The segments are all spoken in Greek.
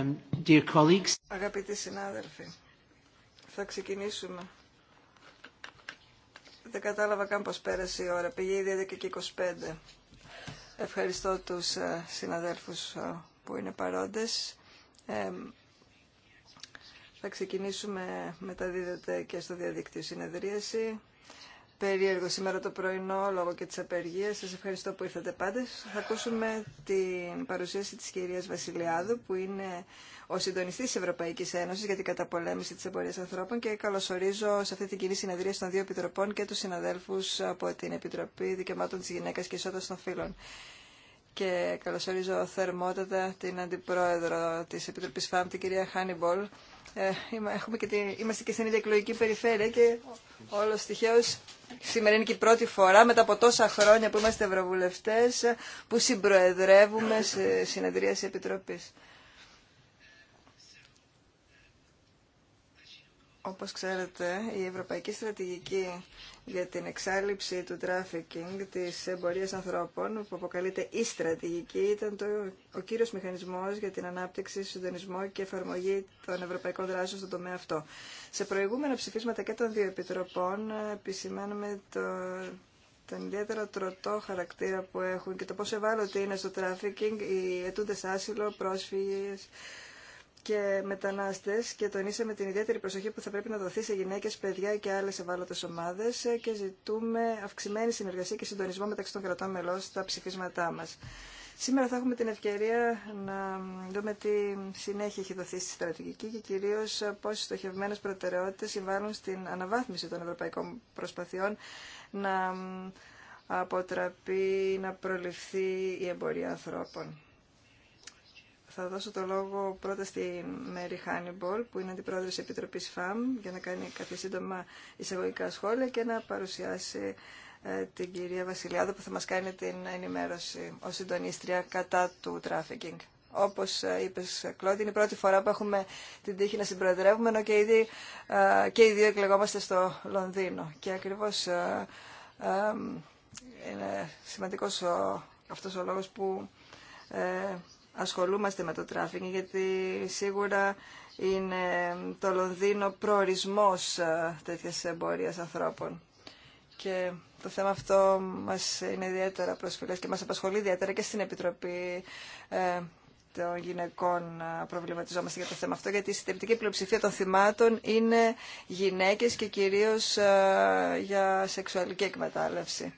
Um, Αγαπητοί συνάδελφοι, θα ξεκινήσουμε. Δεν κατάλαβα καν πώς πέρασε η ώρα. Πήγε ήδη και 25. Ευχαριστώ τους ε, συναδέλφους ε, που είναι παρόντες. θα ξεκινήσουμε, μεταδίδεται και στο διαδικτύο συνεδρίαση περίεργο σήμερα το πρωινό λόγω και της απεργίας. Σας ευχαριστώ που ήρθατε πάντες. Θα ακούσουμε την παρουσίαση της κυρίας Βασιλιάδου που είναι ο συντονιστής της Ευρωπαϊκής Ένωσης για την καταπολέμηση της εμπορίας ανθρώπων και καλωσορίζω σε αυτή την κοινή συνεδρία των δύο επιτροπών και τους συναδέλφους από την Επιτροπή Δικαιωμάτων της Γυναίκας και Ισότητας των Φίλων. Και καλωσορίζω θερμότατα την Αντιπρόεδρο της Επιτροπής ΦΑΜ, την κυρία Χάνιμπολ, ε, είμαστε και στην ίδια εκλογική περιφέρεια και όλος τυχαίω σήμερα είναι και η πρώτη φορά μετά από τόσα χρόνια που είμαστε ευρωβουλευτέ που συμπροεδρεύουμε σε τη επιτροπής. Όπως ξέρετε, η Ευρωπαϊκή Στρατηγική για την εξάλληψη του τράφικινγκ της εμπορίας ανθρώπων που αποκαλείται η στρατηγική ήταν το, ο κύριος μηχανισμός για την ανάπτυξη, συντονισμό και εφαρμογή των ευρωπαϊκών δράσεων στον τομέα αυτό. Σε προηγούμενα ψηφίσματα και των δύο επιτροπών επισημαίνουμε το, τον ιδιαίτερο τροτό χαρακτήρα που έχουν και το πόσο ευάλωτοι είναι στο τράφικινγκ οι αιτούντες άσυλο, πρόσφυγες, και μετανάστε και τονίσαμε την ιδιαίτερη προσοχή που θα πρέπει να δοθεί σε γυναίκε παιδιά και άλλες ευάλωτες ομάδε και ζητούμε αυξημένη συνεργασία και συντονισμό μεταξύ των κρατών μελών στα ψηφίσματά μα. Σήμερα θα έχουμε την ευκαιρία να δούμε τι συνέχεια έχει δοθεί στη στρατηγική και κυρίως πόσε στοχευμένε προτεραιότητε συμβάλλουν στην αναβάθμιση των ευρωπαϊκών προσπαθειών να αποτραπεί, να προληφθεί η εμπορία ανθρώπων. Θα δώσω το λόγο πρώτα στη Μέρι Χάνιμπολ, που είναι αντιπρόεδρο τη Επιτροπής ΦΑΜ, για να κάνει κάποια σύντομα εισαγωγικά σχόλια και να παρουσιάσει ε, την κυρία Βασιλιάδο που θα μας κάνει την ενημέρωση ω συντονίστρια κατά του τράφικινγκ. Όπως ε, είπε, Κλώδη, είναι η πρώτη φορά που έχουμε την τύχη να συμπροεδρεύουμε, ενώ και, ήδη, ε, και οι δύο εκλεγόμαστε στο Λονδίνο. Και ακριβώς είναι σημαντικός ο λόγο που ασχολούμαστε με το τράφικινγκ γιατί σίγουρα είναι το Λονδίνο προορισμός ε, τέτοιας εμπορίας ανθρώπων. Και το θέμα αυτό μας είναι ιδιαίτερα προσφυλές και μας απασχολεί ιδιαίτερα και στην Επιτροπή ε, των γυναικών ε, προβληματιζόμαστε για το θέμα αυτό, γιατί η συντριπτική πλειοψηφία των θυμάτων είναι γυναίκες και κυρίως για σεξουαλική εκμετάλλευση.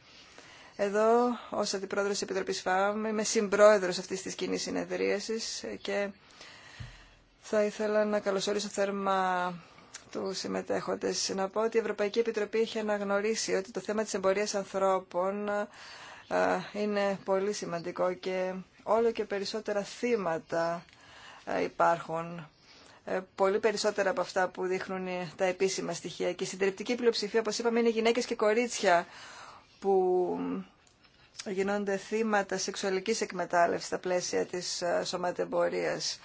Εδώ, ως Αντιπρόεδρος της Επιτροπής ΦΑΜ, είμαι συμπρόεδρος αυτής της κοινή συνεδρίασης και θα ήθελα να καλωσορίσω θερμά του συμμετέχοντε. Να πω ότι η Ευρωπαϊκή Επιτροπή έχει αναγνωρίσει ότι το θέμα της εμπορίας ανθρώπων είναι πολύ σημαντικό και όλο και περισσότερα θύματα υπάρχουν. Ε, πολύ περισσότερα από αυτά που δείχνουν τα επίσημα στοιχεία. Και η συντριπτική πλειοψηφία, όπως είπαμε, είναι γυναίκες και κορίτσια που γινόνται θύματα σεξουαλικής εκμετάλλευσης στα πλαίσια της ε, σωματεμπορίας.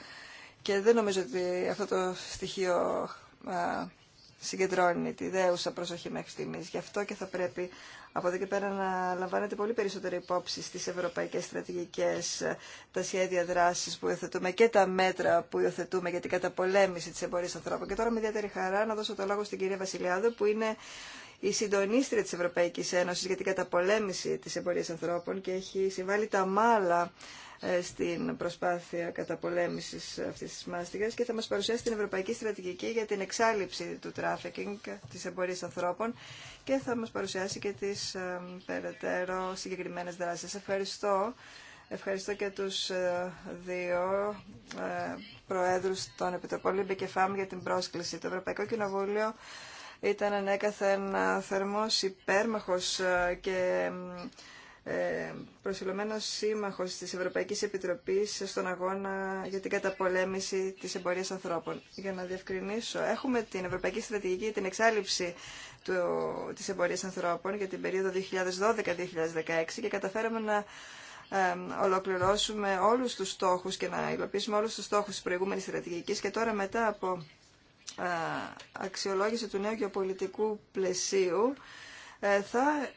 Και δεν νομίζω ότι αυτό το στοιχείο ε, συγκεντρώνει τη δέουσα προσοχή μέχρι στιγμής. Γι' αυτό και θα πρέπει από εδώ και πέρα να λαμβάνετε πολύ περισσότερη υπόψη στις ευρωπαϊκές στρατηγικές, ε, τα σχέδια δράσης που υιοθετούμε και τα μέτρα που υιοθετούμε για την καταπολέμηση της εμπορίας ανθρώπων. Και τώρα με ιδιαίτερη χαρά να δώσω το λόγο στην κυρία Βασιλιάδου που είναι η συντονίστρια της Ευρωπαϊκής Ένωσης για την καταπολέμηση της εμπορίας ανθρώπων και έχει συμβάλει τα μάλα ε, στην προσπάθεια καταπολέμησης αυτής της μάστιγας και θα μας παρουσιάσει την Ευρωπαϊκή Στρατηγική για την εξάλληψη του τράφικινγκ της εμπορίας ανθρώπων και θα μας παρουσιάσει και τις ε, περαιτέρω συγκεκριμένες δράσεις. Ευχαριστώ. Ευχαριστώ και τους ε, δύο προέδρους των Επιτροπών Λίμπε και ΦΑΜ για την πρόσκληση. Το Ευρωπαϊκό Κοινοβούλιο ήταν ανέκαθεν ε, θερμός υπέρμαχος ε, και ε, προσιλωμένος σύμμαχος της Ευρωπαϊκής Επιτροπής στον αγώνα για την καταπολέμηση της εμπορίας ανθρώπων. Για να διευκρινίσω, έχουμε την Ευρωπαϊκή Στρατηγική για την εξάλληψη του, της εμπορίας ανθρώπων για την περίοδο 2012-2016 και καταφέραμε να ολοκληρώσουμε όλους τους στόχους και να υλοποιήσουμε όλους τους στόχους της προηγούμενης στρατηγικής και τώρα μετά από αξιολόγηση του νέου γεωπολιτικού πλαισίου ε, θα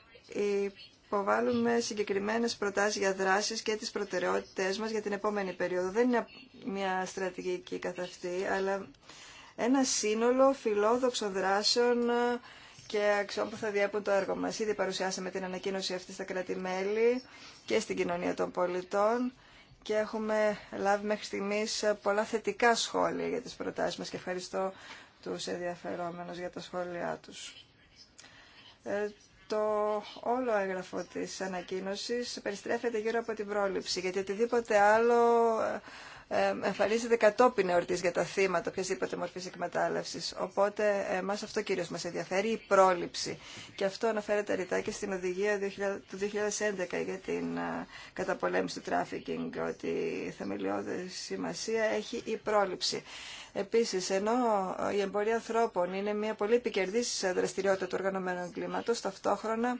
υποβάλουμε συγκεκριμένες προτάσεις για δράσεις και τις προτεραιότητες μας για την επόμενη περίοδο. Δεν είναι μια στρατηγική καθ' αυτή, αλλά ένα σύνολο φιλόδοξων δράσεων ε, και αξιών που θα διέπουν το έργο μας. Ήδη παρουσιάσαμε την ανακοίνωση αυτή στα κράτη-μέλη και στην κοινωνία των πολιτών και έχουμε λάβει μέχρι στιγμής πολλά θετικά σχόλια για τις προτάσεις μας και ευχαριστώ τους ενδιαφερόμενους για τα σχόλιά τους. Ε, το όλο έγγραφο της ανακοίνωσης περιστρέφεται γύρω από την πρόληψη, γιατί οτιδήποτε άλλο εμφανίζεται κατόπιν εορτή για τα θύματα οποιασδήποτε μορφή εκμετάλλευση. Οπότε εμά αυτό κυρίω μα ενδιαφέρει, η πρόληψη. Και αυτό αναφέρεται ρητά και στην οδηγία του 2011 για την ε, καταπολέμηση του τράφικινγκ, ότι η θεμελιώδη σημασία έχει η πρόληψη. Επίσης, ενώ η εμπορία ανθρώπων είναι μια πολύ επικερδή δραστηριότητα του οργανωμένου εγκλήματο, ταυτόχρονα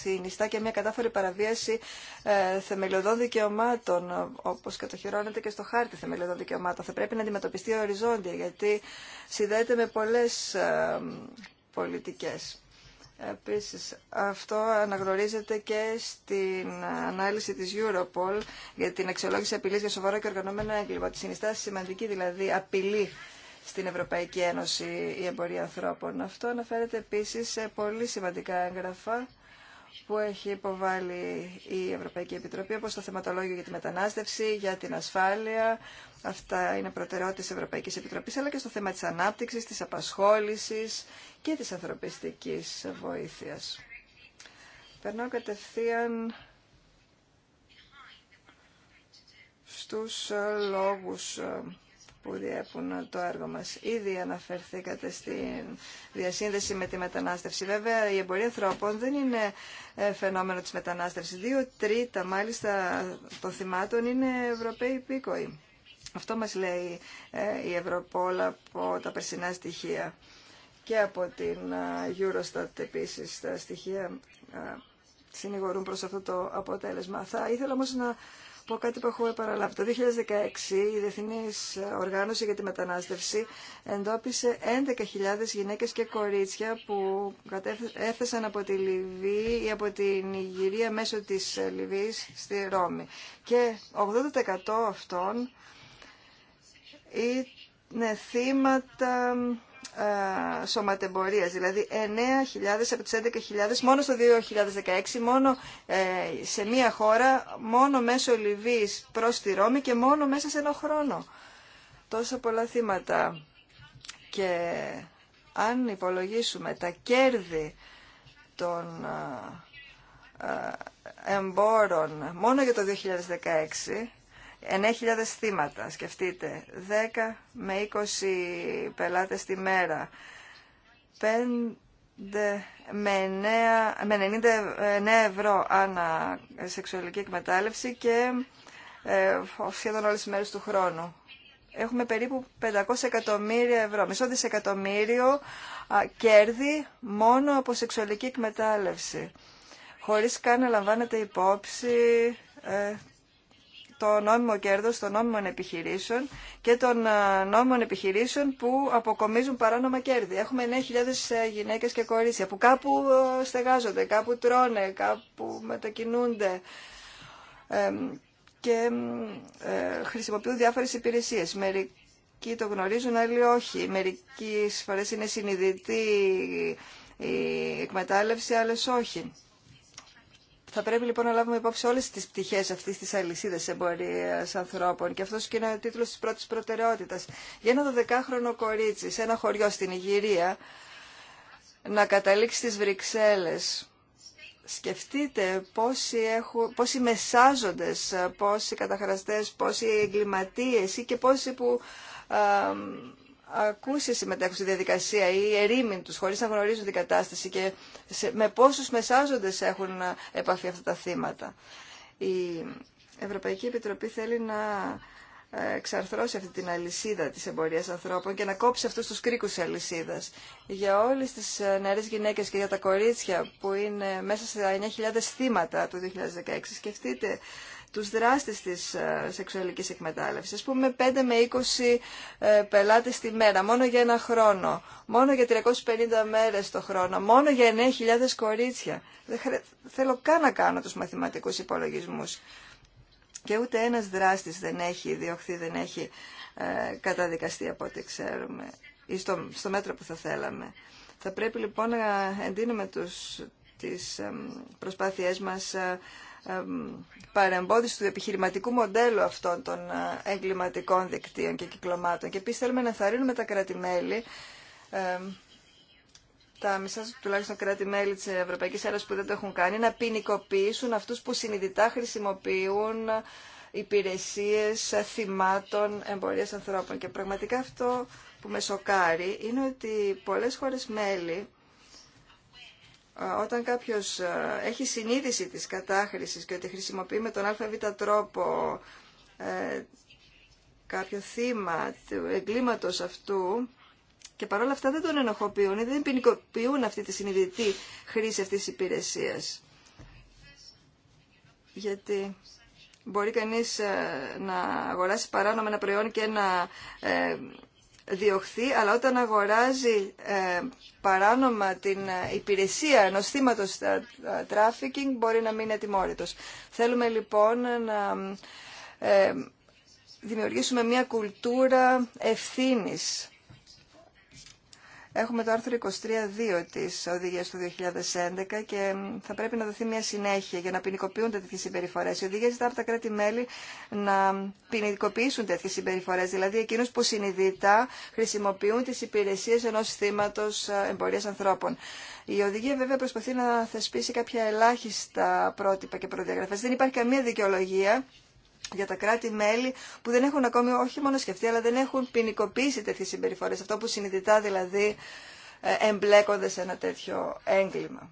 συνιστά και μια κατάφορη παραβίαση ε, θεμελιωδών δικαιωμάτων, όπως κατοχυρώνεται και στο χάρτη θεμελιωδών δικαιωμάτων. Θα πρέπει να αντιμετωπιστεί οριζόντια, γιατί συνδέεται με πολλές ε, πολιτικές. Επίσης, αυτό αναγνωρίζεται και στην ανάλυση της Europol για την αξιολόγηση απειλής για σοβαρό και οργανωμένο έγκλημα. Τη συνιστά σημαντική δηλαδή απειλή στην Ευρωπαϊκή Ένωση η εμπορία ανθρώπων. Αυτό αναφέρεται επίσης σε πολύ σημαντικά έγγραφα που έχει υποβάλει η Ευρωπαϊκή Επιτροπή, όπως το θεματολόγιο για τη μετανάστευση, για την ασφάλεια. Αυτά είναι προτεραιότητες της Ευρωπαϊκής Επιτροπής, αλλά και στο θέμα της ανάπτυξης, της απασχόλησης και της ανθρωπιστικής βοήθειας. Περνώ κατευθείαν στους ε, λόγους ε, που διέπουν το έργο μας. Ήδη αναφερθήκατε στη διασύνδεση με τη μετανάστευση. Βέβαια, η εμπορία ανθρώπων δεν είναι ε, φαινόμενο της μετανάστευσης. Δύο τρίτα, μάλιστα, των θυμάτων είναι Ευρωπαίοι υπήκοοι. Αυτό μας λέει ε, η ευρωπολα από τα περσινά στοιχεία και από την ε, Eurostat επίσης τα στοιχεία συνηγορούν προς αυτό το αποτέλεσμα. Θα ήθελα όμως να πω κάτι που έχουμε Το 2016 η Διεθνή Οργάνωση για τη Μετανάστευση εντόπισε 11.000 γυναίκες και κορίτσια που έφτασαν από τη Λιβύη ή από την Ιγυρία μέσω της Λιβύης στη Ρώμη. Και 80% αυτών είναι θύματα ε, σωματεμπορίας, δηλαδή 9.000 από τις 11.000 μόνο στο 2016, μόνο ε, σε μία χώρα, μόνο μέσω Λιβύης προς τη Ρώμη και μόνο μέσα σε ένα χρόνο. Τόσα πολλά θύματα και αν υπολογίσουμε τα κέρδη των ε, εμπόρων μόνο για το 2016 9.000 θύματα, σκεφτείτε, 10 με 20 πελάτες τη μέρα, 5 με, 9, 99 ε, ευρώ ανά σεξουαλική εκμετάλλευση και ε, σχεδόν όλες τις μέρες του χρόνου. Έχουμε περίπου 500 εκατομμύρια ευρώ, μισό δισεκατομμύριο κέρδη μόνο από σεξουαλική εκμετάλλευση, χωρίς καν να λαμβάνετε υπόψη ε, το νόμιμο κέρδος των νόμιμων επιχειρήσεων και των ε, νόμιμων επιχειρήσεων που αποκομίζουν παράνομα κέρδη. Έχουμε 9.000 ε, γυναίκες και κορίτσια που κάπου ε, στεγάζονται, κάπου τρώνε, κάπου μετακινούνται και χρησιμοποιούν διάφορες υπηρεσίες. Μερικοί το γνωρίζουν, άλλοι όχι. Μερικοί φορές είναι συνειδητοί η εκμετάλλευση, άλλες όχι. Θα πρέπει λοιπόν να λάβουμε υπόψη όλε τι πτυχέ αυτή τη αλυσίδα εμπορία ανθρώπων. Και αυτό και είναι ο τίτλο τη πρώτη προτεραιότητα. Για ένα 12χρονο κορίτσι σε ένα χωριό στην Ιγυρία να καταλήξει στι Βρυξέλλε. Σκεφτείτε πόσοι, έχουν, πόσοι μεσάζοντες, πόσοι καταχραστές, πόσοι εγκληματίες ή και πόσοι που ακούσει συμμετέχουν στη διαδικασία ή ερήμην του χωρί να γνωρίζουν την κατάσταση και με πόσου μεσάζοντε έχουν επαφή αυτά τα θύματα. Η Ευρωπαϊκή Επιτροπή θέλει να ε, εξαρθρώσει αυτή την αλυσίδα της εμπορίας ανθρώπων και να κόψει αυτούς τους κρίκους αλυσίδας. Για όλες τις ε, νεαρές γυναίκες και για τα κορίτσια που είναι μέσα στα 9.000 θύματα του 2016, σκεφτείτε τους δράστες της ε, σεξουαλικής εκμετάλλευσης. Ας πούμε 5 με 20 ε, πελάτες τη μέρα, μόνο για ένα χρόνο, μόνο για 350 μέρες το χρόνο, μόνο για 9.000 κορίτσια. Δεν θέλω καν να κάνω τους μαθηματικούς υπολογισμούς. Και ούτε ένας δράστης δεν έχει διωχθεί, δεν έχει ε, καταδικαστεί από ό,τι ξέρουμε ή στο, στο μέτρο που θα θέλαμε. Θα πρέπει λοιπόν να εντείνουμε τους, τις προσπάθειές μας παρεμπόδιση του επιχειρηματικού μοντέλου αυτών των ε, εγκληματικών δικτύων και κυκλωμάτων. Και επίση θέλουμε να θαρρύνουμε τα κράτη-μέλη, τα μισά τουλάχιστον κράτη-μέλη τη Ευρωπαϊκή Ένωση που δεν το έχουν κάνει, να ποινικοποιήσουν αυτού που συνειδητά χρησιμοποιούν υπηρεσίε θυμάτων εμπορία ανθρώπων. Και πραγματικά αυτό που με σοκάρει είναι ότι πολλέ χώρε-μέλη όταν κάποιος έχει συνείδηση της κατάχρησης και ότι χρησιμοποιεί με τον ΑΒ τρόπο ε, κάποιο θύμα του εγκλήματος αυτού και παρόλα αυτά δεν τον ενοχοποιούν ή δεν ποινικοποιούν αυτή τη συνειδητή χρήση αυτής της υπηρεσίας. Γιατί μπορεί κανείς ε, να αγοράσει παράνομα ένα προϊόν και να ε, διωχθεί, αλλά όταν αγοράζει ε, παράνομα την ε, υπηρεσία ενός θύματος τράφικινγκ μπορεί να μην είναι Θέλουμε λοιπόν να ε, δημιουργήσουμε μια κουλτούρα ευθύνης Έχουμε το άρθρο 23.2 της οδηγίας του 2011 και θα πρέπει να δοθεί μια συνέχεια για να ποινικοποιούνται τέτοιες συμπεριφορές. Η οδηγία ζητά από τα κράτη-μέλη να ποινικοποιήσουν τέτοιες συμπεριφορές, δηλαδή εκείνους που συνειδητά χρησιμοποιούν τις υπηρεσίες ενός θύματος ε, εμπορίας ανθρώπων. Η οδηγία βέβαια προσπαθεί να θεσπίσει κάποια ελάχιστα πρότυπα και προδιαγραφές. Δεν υπάρχει καμία δικαιολογία για τα κράτη-μέλη που δεν έχουν ακόμη όχι μόνο σκεφτεί, αλλά δεν έχουν ποινικοποιήσει τέτοιες συμπεριφορές. Αυτό που συνειδητά δηλαδή ε, εμπλέκονται σε ένα τέτοιο έγκλημα.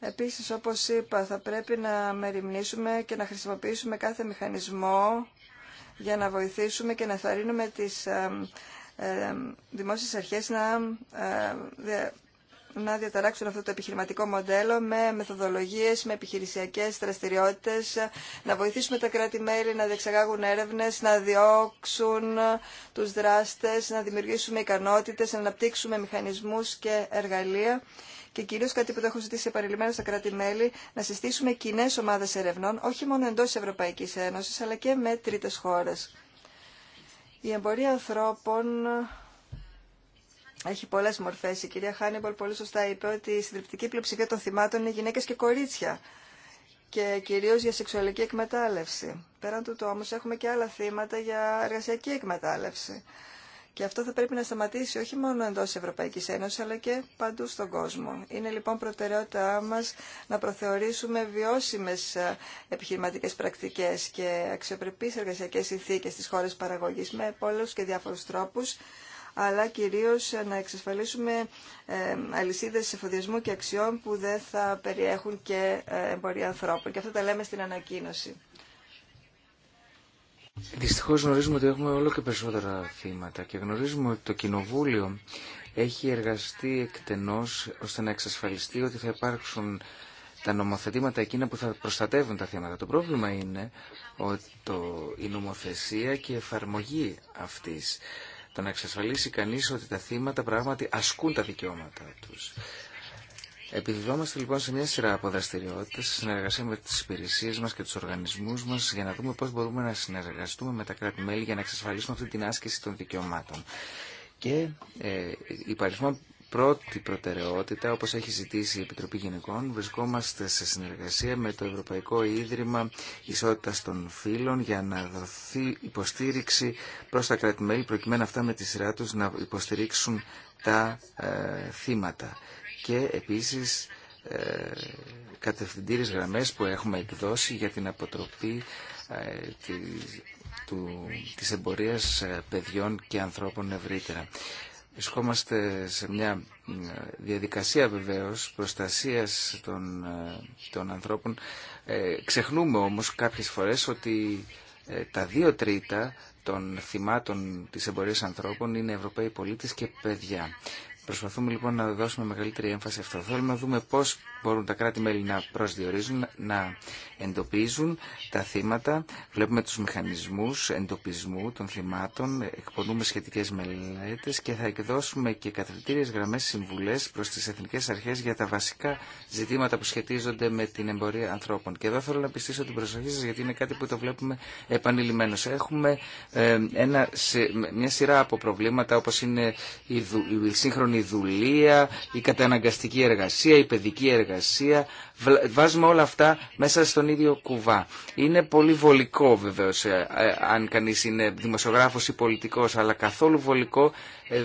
Επίσης, όπως είπα, θα πρέπει να μεριμνήσουμε και να χρησιμοποιήσουμε κάθε μηχανισμό για να βοηθήσουμε και να θαρρύνουμε τις ε, ε, δημόσιες αρχές να να διαταράξουν αυτό το επιχειρηματικό μοντέλο με μεθοδολογίες, με επιχειρησιακές δραστηριότητες, να βοηθήσουμε τα κράτη-μέλη να διεξαγάγουν έρευνες, να διώξουν τους δράστες, να δημιουργήσουμε ικανότητες, να αναπτύξουμε μηχανισμούς και εργαλεία και κυρίω κάτι που το έχω ζητήσει επανειλημμένα στα κράτη-μέλη, να συστήσουμε κοινέ ομάδε ερευνών, όχι μόνο εντό Ευρωπαϊκή Ένωση, αλλά και με τρίτε χώρε. Η εμπορία ανθρώπων έχει πολλές μορφές. Η κυρία Χάνιμπολ πολύ σωστά είπε ότι η συντριπτική πλειοψηφία των θυμάτων είναι γυναίκες και κορίτσια και κυρίως για σεξουαλική εκμετάλλευση. Πέραν τούτου όμως έχουμε και άλλα θύματα για εργασιακή εκμετάλλευση. Και αυτό θα πρέπει να σταματήσει όχι μόνο εντό Ευρωπαϊκή Ένωση, αλλά και παντού στον κόσμο. Είναι λοιπόν προτεραιότητά μα να προθεωρήσουμε βιώσιμε επιχειρηματικέ πρακτικέ και αξιοπρεπεί εργασιακέ συνθήκε στι χώρε παραγωγή με πολλού και διάφορου τρόπου, αλλά κυρίως να εξασφαλίσουμε ε, αλυσίδες εφοδιασμού και αξιών που δεν θα περιέχουν και ε, εμπορία ανθρώπων. Και αυτό τα λέμε στην ανακοίνωση. Δυστυχώ γνωρίζουμε ότι έχουμε όλο και περισσότερα θύματα και γνωρίζουμε ότι το Κοινοβούλιο έχει εργαστεί εκτενώς ώστε να εξασφαλιστεί ότι θα υπάρξουν τα νομοθετήματα εκείνα που θα προστατεύουν τα θύματα. Το πρόβλημα είναι ότι η νομοθεσία και η εφαρμογή αυτής. Το να εξασφαλίσει κανείς ότι τα θύματα πράγματι ασκούν τα δικαιώματά τους. Επιδιδόμαστε λοιπόν σε μια σειρά από δραστηριότητες σε συνεργασία με τις υπηρεσίες μας και τους οργανισμούς μας για να δούμε πώς μπορούμε να συνεργαστούμε με τα κράτη-μέλη για να εξασφαλίσουμε αυτή την άσκηση των δικαιωμάτων. Και ε, πρώτη προτεραιότητα, όπως έχει ζητήσει η Επιτροπή Γυναικών, βρισκόμαστε σε συνεργασία με το Ευρωπαϊκό Ίδρυμα Ισότητας των Φύλων για να δοθεί υποστήριξη προς τα κράτη-μέλη, προκειμένου αυτά με τη σειρά τους να υποστηρίξουν τα ε, θύματα. Και επίσης ε, κατευθυντήρες γραμμές που έχουμε εκδώσει για την αποτροπή ε, τη, του, της εμπορίας ε, παιδιών και ανθρώπων ευρύτερα βρισκόμαστε σε μια ε, διαδικασία βεβαίως προστασίας των, ε, των ανθρώπων. Ε, ξεχνούμε όμως κάποιες φορές ότι ε, τα δύο τρίτα των θυμάτων της εμπορίας ανθρώπων είναι Ευρωπαίοι πολίτες και παιδιά. Προσπαθούμε λοιπόν να δώσουμε μεγαλύτερη έμφαση αυτό. Θέλουμε να δούμε πώς μπορούν τα κράτη-μέλη να προσδιορίζουν, να εντοπίζουν τα θύματα. Βλέπουμε τους μηχανισμούς εντοπισμού των θυμάτων, εκπονούμε σχετικές μελέτες και θα εκδώσουμε και καθετήριες γραμμές συμβουλές προς τις εθνικές αρχές για τα βασικά ζητήματα που σχετίζονται με την εμπορία ανθρώπων. Και εδώ θέλω να πιστήσω την προσοχή σας γιατί είναι κάτι που το βλέπουμε επανειλημμένως. Έχουμε ε, ένα, μια σειρά από προβλήματα όπως είναι η, η σύγχρονη δουλεία, η καταναγκαστική εργασία, η παιδική εργασία, Βάζουμε όλα αυτά μέσα στον ίδιο κουβά. Είναι πολύ βολικό βεβαίως ε, ε, αν κανείς είναι δημοσιογράφος ή πολιτικός, αλλά καθόλου βολικό ε,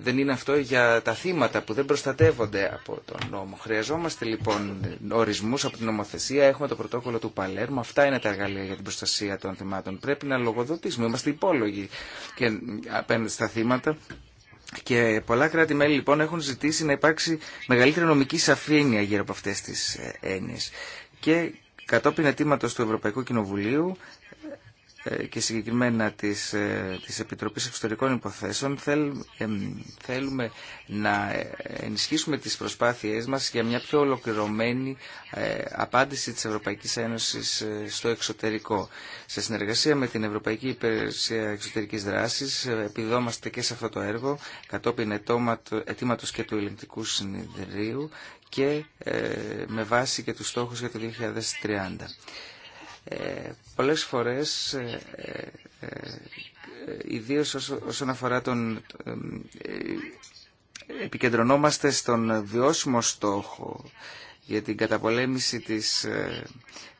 δεν είναι αυτό για τα θύματα που δεν προστατεύονται από τον νόμο. Χρειαζόμαστε λοιπόν ορισμούς από την νομοθεσία, έχουμε το πρωτόκολλο του Παλέρμου, αυτά είναι τα εργαλεία για την προστασία των θυμάτων. Πρέπει να λογοδοτήσουμε, είμαστε υπόλογοι και απέναντι στα θύματα και πολλά κράτη-μέλη λοιπόν έχουν ζητήσει να υπάρξει μεγαλύτερη νομική σαφήνεια γύρω από αυτές τις ε, έννοιες. Και κατόπιν αιτήματος του Ευρωπαϊκού Κοινοβουλίου ε, και συγκεκριμένα της, ε, της Επιτροπής Εξωτερικών Υποθέσεων θέλουμε να ε, ενισχύσουμε τις προσπάθειές μας για μια πιο ολοκληρωμένη απάντηση της Ευρωπαϊκής Ένωσης στο εξωτερικό. Σε συνεργασία με την Ευρωπαϊκή Υπηρεσία Εξωτερικής Δράσης επιδόμαστε και σε αυτό το έργο κατόπιν ετήματος και του Ελληνικού συνεδρίου και με βάση και τους στόχους για το 2030. Ε, πολλές φορές ε, ε, ιδίως όσον αφορά τον επικεντρωνόμαστε στον βιώσιμο στόχο για την καταπολέμηση της,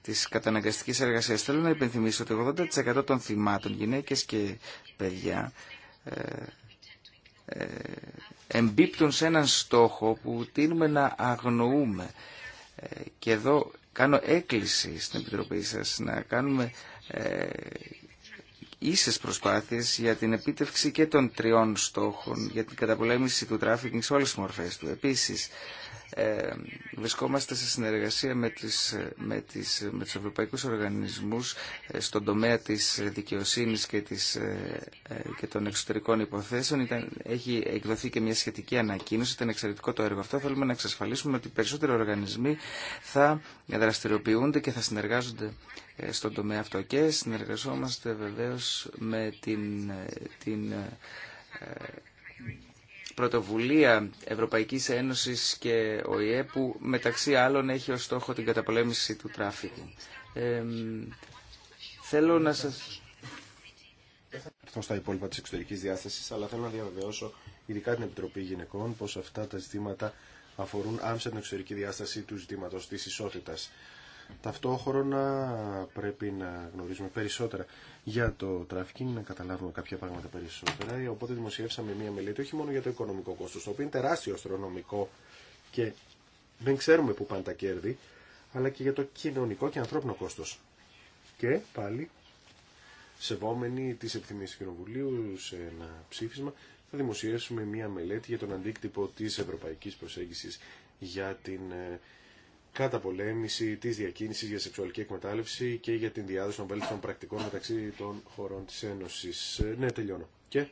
της καταναγκαστικής εργασίας. Θέλω να υπενθυμίσω ότι 80% των θυμάτων, γυναίκες και παιδιά, εμπίπτουν σε έναν στόχο που τείνουμε να αγνοούμε. Και εδώ κάνω έκκληση στην Επιτροπή σας να κάνουμε ε, ίσες προσπάθειες για την επίτευξη και των τριών στόχων για την καταπολέμηση του τράφικινγκ σε όλες τις μορφές του. Επίσης, ε, βρισκόμαστε σε συνεργασία με, τις, με, τις, με τους ευρωπαϊκούς οργανισμούς ε, στον τομέα της δικαιοσύνης και, της, ε, και των εξωτερικών υποθέσεων. Ήταν, έχει εκδοθεί και μια σχετική ανακοίνωση, ήταν εξαιρετικό το έργο αυτό. Θέλουμε να εξασφαλίσουμε ότι περισσότεροι οργανισμοί θα δραστηριοποιούνται και θα συνεργάζονται στον τομέα αυτό και συνεργαζόμαστε βεβαίως με την, την πρωτοβουλία Ευρωπαϊκής Ένωσης και ΟΗΕ που μεταξύ άλλων έχει ως στόχο την καταπολέμηση του τράφικινγκ. Ε, θέλω να σας... Έρθω στα υπόλοιπα της εξωτερικής διάστασης, αλλά θέλω να διαβεβαιώσω ειδικά την Επιτροπή Γυναικών πως αυτά τα ζητήματα αφορούν άμεσα την εξωτερική διάσταση του ζητήματος της ισότητας. Ταυτόχρονα πρέπει να γνωρίζουμε περισσότερα για το τράφικινγκ, να καταλάβουμε κάποια πράγματα περισσότερα. Οπότε δημοσιεύσαμε μία μελέτη όχι μόνο για το οικονομικό κόστος, το οποίο είναι τεράστιο αστρονομικό και δεν ξέρουμε πού πάνε τα κέρδη, αλλά και για το κοινωνικό και ανθρώπινο κόστος. Και πάλι, σεβόμενοι τις επιθυμίες του Κοινοβουλίου σε ένα ψήφισμα, θα δημοσιεύσουμε μία μελέτη για τον αντίκτυπο της ευρωπαϊκής προσέγγισης για την ε, καταπολέμηση τη διακίνηση για σεξουαλική εκμετάλλευση και για την διάδοση των βέλτιστων πρακτικών μεταξύ των χωρών τη Ένωση. Ε, ναι, τελειώνω. Και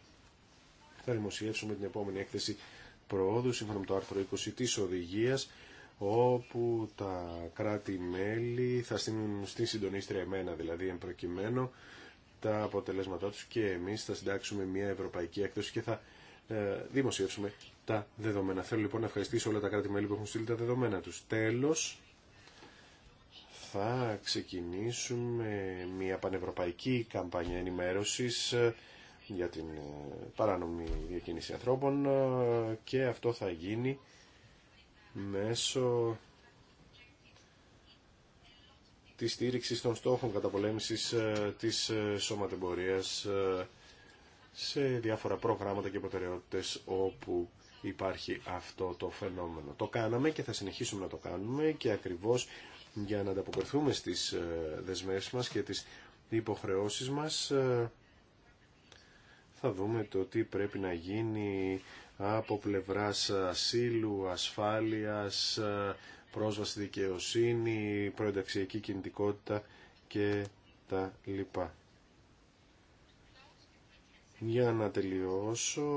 θα δημοσιεύσουμε την επόμενη έκθεση προόδου σύμφωνα με το άρθρο 20 της οδηγία, όπου τα κράτη-μέλη θα στείλουν στη συντονίστρια εμένα δηλαδή εμπροκειμένο τα αποτελέσματά τους και εμείς θα συντάξουμε μια ευρωπαϊκή έκθεση και θα ε, δημοσιεύσουμε τα δεδομένα. Θέλω λοιπόν να ευχαριστήσω όλα τα κράτη-μέλη που έχουν στείλει τα δεδομένα τους. Τέλος, θα ξεκινήσουμε μια πανευρωπαϊκή καμπάνια ενημέρωσης ε, για την ε, παράνομη διακίνηση ανθρώπων και αυτό θα γίνει μέσω της στήριξης των στόχων καταπολέμησης της σωματεμπορίας σε διάφορα προγράμματα και υποτεραιότητες όπου υπάρχει αυτό το φαινόμενο. Το κάναμε και θα συνεχίσουμε να το κάνουμε και ακριβώς για να ανταποκριθούμε στις ε, δεσμεύσεις μας και τις υποχρεώσεις μας ε, θα δούμε το τι πρέπει να γίνει από πλευράς ασύλου, ασφάλειας, ε, πρόσβαση δικαιοσύνη, προενταξιακή κινητικότητα και τα λοιπά. Για να τελειώσω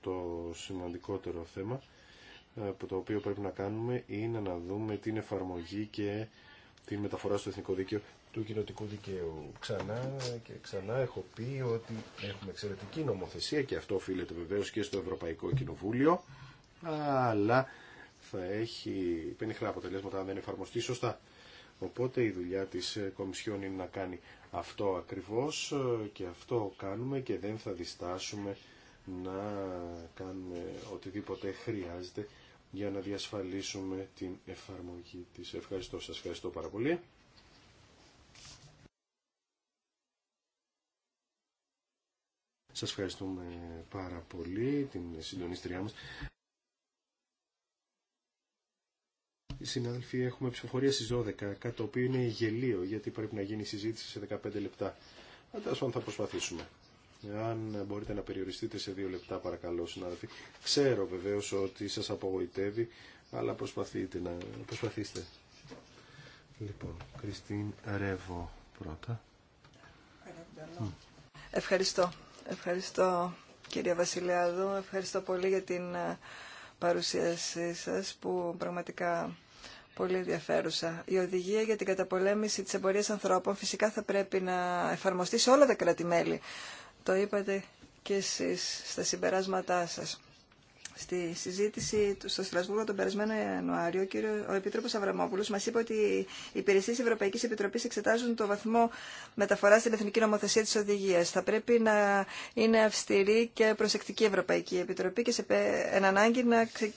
το σημαντικότερο θέμα ε, που το οποίο πρέπει να κάνουμε είναι να δούμε την εφαρμογή και τη μεταφορά στο εθνικό δίκαιο του κοινοτικού δικαίου. Ξανά και ξανά έχω πει ότι έχουμε εξαιρετική νομοθεσία και αυτό οφείλεται βεβαίω και στο Ευρωπαϊκό Κοινοβούλιο, αλλά θα έχει πενιχρά αποτελέσματα αν δεν εφαρμοστεί σωστά. Οπότε η δουλειά της ε, Κομισιόν είναι να κάνει αυτό ακριβώς ε, και αυτό κάνουμε και δεν θα διστάσουμε να κάνουμε οτιδήποτε χρειάζεται για να διασφαλίσουμε την εφαρμογή της. Ευχαριστώ σας, ευχαριστώ πάρα πολύ. Σας ευχαριστούμε πάρα πολύ την συντονίστριά μας. Συνάδελφοι, έχουμε ψηφοφορία στις 12, κάτι το οποίο είναι γελίο, γιατί πρέπει να γίνει η συζήτηση σε 15 λεπτά. Αντάσου ε, αν θα προσπαθήσουμε. Αν μπορείτε να περιοριστείτε σε δύο λεπτά, παρακαλώ, συνάδελφοι. Ξέρω βεβαίω ότι σας απογοητεύει, αλλά προσπαθείτε να... προσπαθήσετε. Λοιπόν, Κριστίν Ρεύο πρώτα. Ευχαριστώ. Ευχαριστώ κυρία Βασιλιάδου. Ευχαριστώ πολύ για την ε, παρουσίασή σας που πραγματικά πολύ ενδιαφέρουσα. Η οδηγία για την καταπολέμηση της εμπορία ανθρώπων φυσικά θα πρέπει να εφαρμοστεί σε όλα τα κράτη-μέλη. Το είπατε και εσείς στα συμπεράσματά σας. Στη συζήτηση στο Στρασβούργο τον περασμένο Ιανουάριο, ο, κύριο, ο Επίτροπος Αβραμόπουλος μας είπε ότι οι υπηρεσίες Ευρωπαϊκής Επιτροπής εξετάζουν το βαθμό μεταφοράς στην Εθνική Νομοθεσία της Οδηγίας. Θα πρέπει να είναι αυστηρή και προσεκτική η Ευρωπαϊκή Επιτροπή και σε εν ανάγκη να, ξε...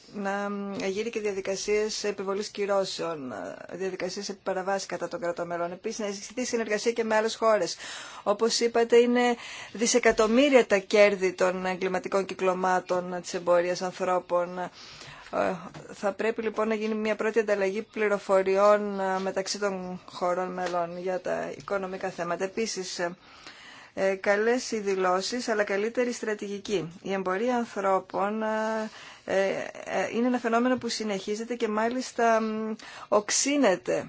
γύρει και διαδικασίες επιβολής κυρώσεων, διαδικασίες επιπαραβάση κατά των κρατών μελών. Επίσης, να ζητηθεί συνεργασία και με άλλες χώρες. Όπως είπατε, είναι δισεκατομμύρια τα κέρδη των εγκληματικών κυκλωμάτων της εμπορίας ανθρώπων. Ε, θα πρέπει λοιπόν να γίνει μια πρώτη ανταλλαγή πληροφοριών ε, μεταξύ των χωρών μελών για τα οικονομικά θέματα. Επίσης, ε, καλές οι δηλώσεις, αλλά καλύτερη στρατηγική. Η εμπορία ανθρώπων είναι ένα φαινόμενο που συνεχίζεται και μάλιστα οξύνεται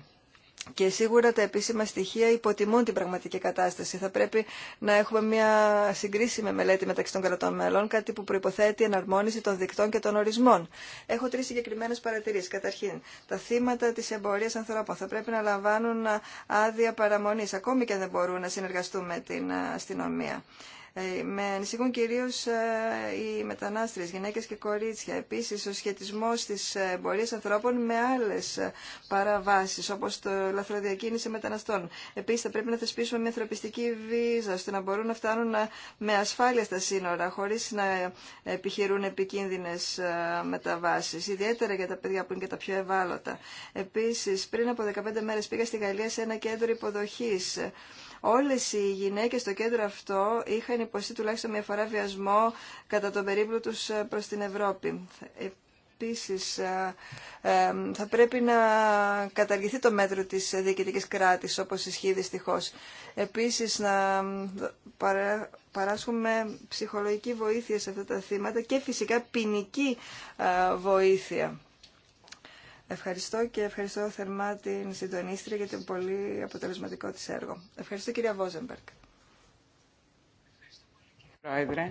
και σίγουρα τα επίσημα στοιχεία υποτιμούν την πραγματική κατάσταση. Θα πρέπει να έχουμε μια συγκρίσιμη μελέτη μεταξύ των κρατών μελών, κάτι που προποθέτει εναρμόνιση των δικτών και των ορισμών. Έχω τρει συγκεκριμένε παρατηρήσει. Καταρχήν, τα θύματα τη εμπορία ανθρώπων θα πρέπει να λαμβάνουν άδεια παραμονή, ακόμη και αν δεν μπορούν να συνεργαστούν με την αστυνομία. Ε, με ανησυχούν κυρίως ε, οι μετανάστριες, γυναίκες και κορίτσια. Επίσης, ο σχετισμός της εμπορίας ανθρώπων με άλλες παραβάσεις, όπως το λαθροδιακίνηση μεταναστών. Επίσης, θα πρέπει να θεσπίσουμε μια ανθρωπιστική βίζα, ώστε να μπορούν να φτάνουν ε, με ασφάλεια στα σύνορα, χωρίς να επιχειρούν επικίνδυνες μεταβάσεις, ιδιαίτερα για τα παιδιά που είναι και τα πιο ευάλωτα. Επίσης, πριν από 15 μέρες πήγα στη Γαλλία σε ένα κέντρο υποδοχής Όλες οι γυναίκες στο κέντρο αυτό είχαν υποστεί τουλάχιστον μια φορά βιασμό κατά τον περίπλο τους ε, προς την Ευρώπη. Επίσης, ε, ε, θα πρέπει να καταργηθεί το μέτρο της διοικητικής κράτης, όπως ισχύει δυστυχώς. Επίσης, να παράσχουμε ψυχολογική βοήθεια σε αυτά τα θύματα και φυσικά ποινική βοήθεια Ευχαριστώ και ευχαριστώ θερμά την συντονίστρια για το πολύ αποτελεσματικό της έργο. Ευχαριστώ κυρία Βόζεμπερκ. Πρόεδρε,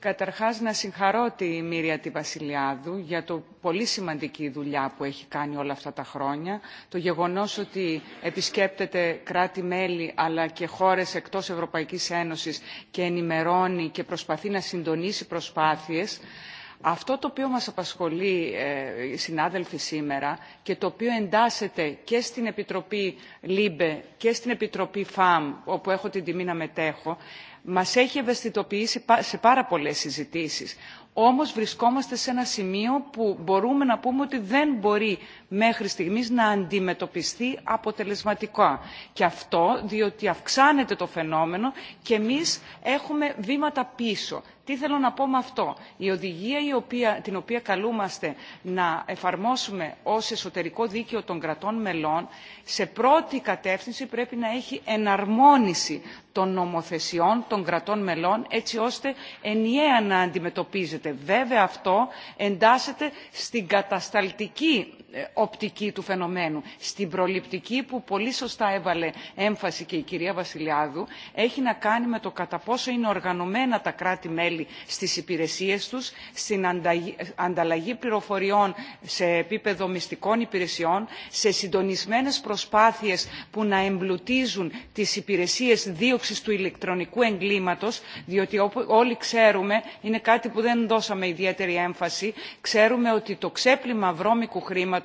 καταρχάς να συγχαρώ τη Μύρια τη Βασιλιάδου για το πολύ σημαντική δουλειά που έχει κάνει όλα αυτά τα χρόνια. Το γεγονός ότι επισκέπτεται κράτη-μέλη αλλά και χώρες εκτός Ευρωπαϊκής Ένωσης και ενημερώνει και προσπαθεί να συντονίσει προσπάθειες αυτό το οποίο μας απασχολεί, ε, συνάδελφοι, σήμερα και το οποίο εντάσσεται και στην Επιτροπή ΛΥΜΠΕ και στην Επιτροπή ΦΑΜ, όπου έχω την τιμή να μετέχω, μας έχει ευαισθητοποιήσει σε πάρα πολλές συζητήσεις. Όμως βρισκόμαστε σε ένα σημείο που μπορούμε να πούμε ότι δεν μπορεί μέχρι στιγμής να αντιμετωπιστεί αποτελεσματικά. Και αυτό διότι αυξάνεται το φαινόμενο και εμείς έχουμε βήματα πίσω. Τι θέλω να πω με αυτό. Η οδηγία η οποία, την οποία καλούμαστε να εφαρμόσουμε ως εσωτερικό δίκαιο των κρατών μελών, σε πρώτη κατεύθυνση πρέπει να έχει εναρμόνιση των νομοθεσιών των κρατών μελών, έτσι ώστε ενιαία να αντιμετωπίζεται. Βέβαια αυτό εντάσσεται στην κατασταλτική ε, οπτική του φαινομένου. Στην προληπτική που πολύ σωστά έβαλε έμφαση και η κυρία Βασιλιάδου έχει να κάνει με το κατά πόσο είναι οργανωμένα τα κράτη-μέλη στις υπηρεσίες τους, στην ανταλλαγή πληροφοριών σε επίπεδο μυστικών υπηρεσιών, σε συντονισμένες προσπάθειες που να εμπλουτίζουν τις υπηρεσίες δίωξης του ηλεκτρονικού εγκλήματος, διότι όλοι ξέρουμε, είναι κάτι που δεν δώσαμε ιδιαίτερη έμφαση, ξέρουμε ότι το ξέπλυμα βρώμικου χρήματος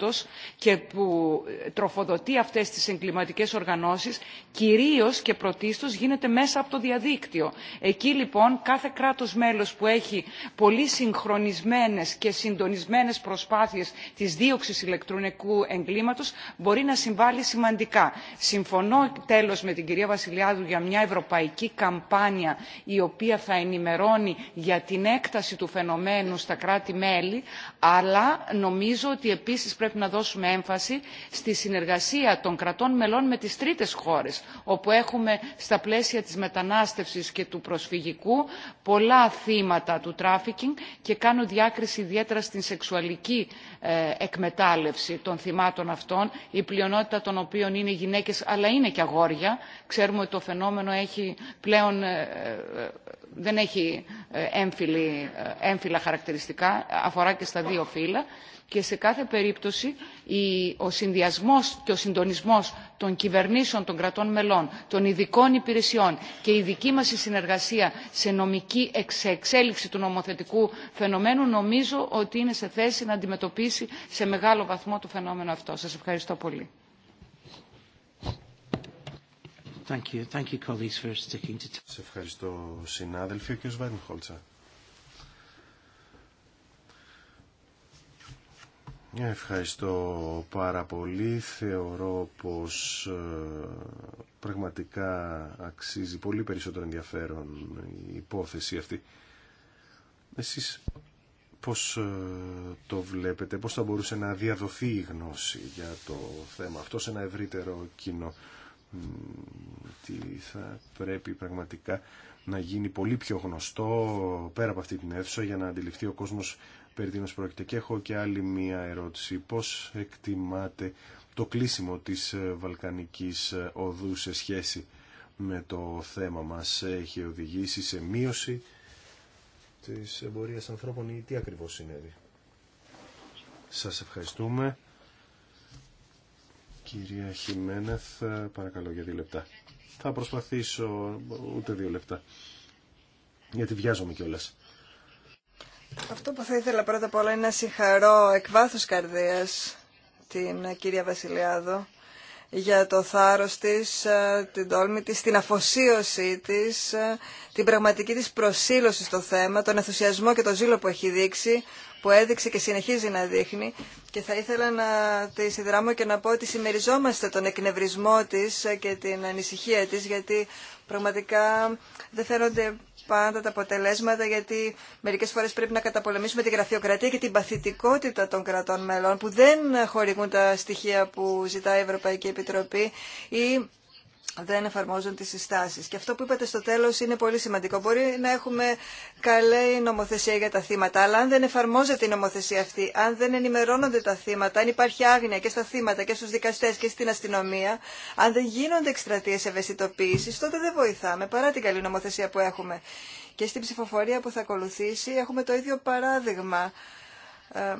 και που τροφοδοτεί αυτές τις εγκληματικές οργανώσεις κυρίως και πρωτίστως γίνεται μέσα από το διαδίκτυο. Εκεί λοιπόν κάθε κράτος μέλος που έχει πολύ συγχρονισμένες και συντονισμένες προσπάθειες της δίωξης ηλεκτρονικού εγκλήματος μπορεί να συμβάλλει σημαντικά. Συμφωνώ τέλος με την κυρία Βασιλιάδου για μια ευρωπαϊκή καμπάνια η οποία θα ενημερώνει για την έκταση του φαινομένου στα κράτη-μέλη αλλά νομίζω ότι επίσης πρέπει πρέπει να δώσουμε έμφαση στη συνεργασία των κρατών μελών με τις τρίτες χώρες όπου έχουμε στα πλαίσια της μετανάστευσης και του προσφυγικού πολλά θύματα του τράφικινγκ και κάνω διάκριση ιδιαίτερα στην σεξουαλική ε, εκμετάλλευση των θυμάτων αυτών η πλειονότητα των οποίων είναι γυναίκες αλλά είναι και αγόρια. Ξέρουμε ότι το φαινόμενο έχει πλέον ε, ε, δεν έχει έμφυλα χαρακτηριστικά, αφορά και στα δύο φύλλα και σε κάθε περίπτωση ο συνδυασμός και ο συντονισμός των κυβερνήσεων των κρατών μελών, των ειδικών υπηρεσιών και η δική μας συνεργασία σε νομική εξέλιξη του νομοθετικού φαινομένου νομίζω ότι είναι σε θέση να αντιμετωπίσει σε μεγάλο βαθμό το φαινόμενο αυτό. Σας ευχαριστώ πολύ. Thank ευχαριστώ συνάδελφοι. Ο κ. Ευχαριστώ πάρα πολύ. Θεωρώ πως ε, πραγματικά αξίζει πολύ περισσότερο ενδιαφέρον η υπόθεση αυτή. Εσείς πώς ε, το βλέπετε, πώς θα μπορούσε να διαδοθεί η γνώση για το θέμα αυτό σε ένα ευρύτερο κοινό. Τι θα πρέπει πραγματικά να γίνει πολύ πιο γνωστό πέρα από αυτή την αίθουσα για να αντιληφθεί ο κόσμος περί τίνος πρόκειται. Και έχω και άλλη μία ερώτηση. Πώς εκτιμάτε το κλείσιμο της ε, Βαλκανικής ε, οδού σε σχέση με το θέμα μας έχει οδηγήσει σε μείωση της εμπορίας ανθρώπων ή τι ακριβώς συνέβη. Σας ευχαριστούμε. Κυρία Χιμένεθ, παρακαλώ για δύο λεπτά. Θα προσπαθήσω ούτε δύο λεπτά, γιατί βιάζομαι κιόλας. Αυτό που θα ήθελα πρώτα απ' όλα είναι να συγχαρώ εκ βάθους καρδίας την κυρία Βασιλιάδο για το θάρρος της, ε, την τόλμη της, την αφοσίωσή της, ε, την πραγματική της προσήλωση στο θέμα, τον ενθουσιασμό και το ζήλο που έχει δείξει, που έδειξε και συνεχίζει να δείχνει. Και θα ήθελα να τη συνδράμω και να πω ότι συμμεριζόμαστε τον εκνευρισμό της ε, και την ανησυχία της, γιατί πραγματικά δεν φαίνονται πάντα τα αποτελέσματα, γιατί μερικές φορές πρέπει να καταπολεμήσουμε τη γραφειοκρατία και την παθητικότητα των κρατών μελών, που δεν χορηγούν τα στοιχεία που ζητάει η Ευρωπαϊκή Επιτροπή ή δεν εφαρμόζουν τις συστάσεις. Και αυτό που είπατε στο τέλος είναι πολύ σημαντικό. Μπορεί να έχουμε καλή νομοθεσία για τα θύματα, αλλά αν δεν εφαρμόζεται η νομοθεσία αυτή, αν δεν ενημερώνονται τα θύματα, αν υπάρχει άγνοια και στα θύματα και στους δικαστές και στην αστυνομία, αν δεν γίνονται εκστρατείες ευαισθητοποίησης, τότε δεν βοηθάμε, παρά την καλή νομοθεσία που έχουμε. Και στην ψηφοφορία που θα ακολουθήσει έχουμε το ίδιο παράδειγμα ε,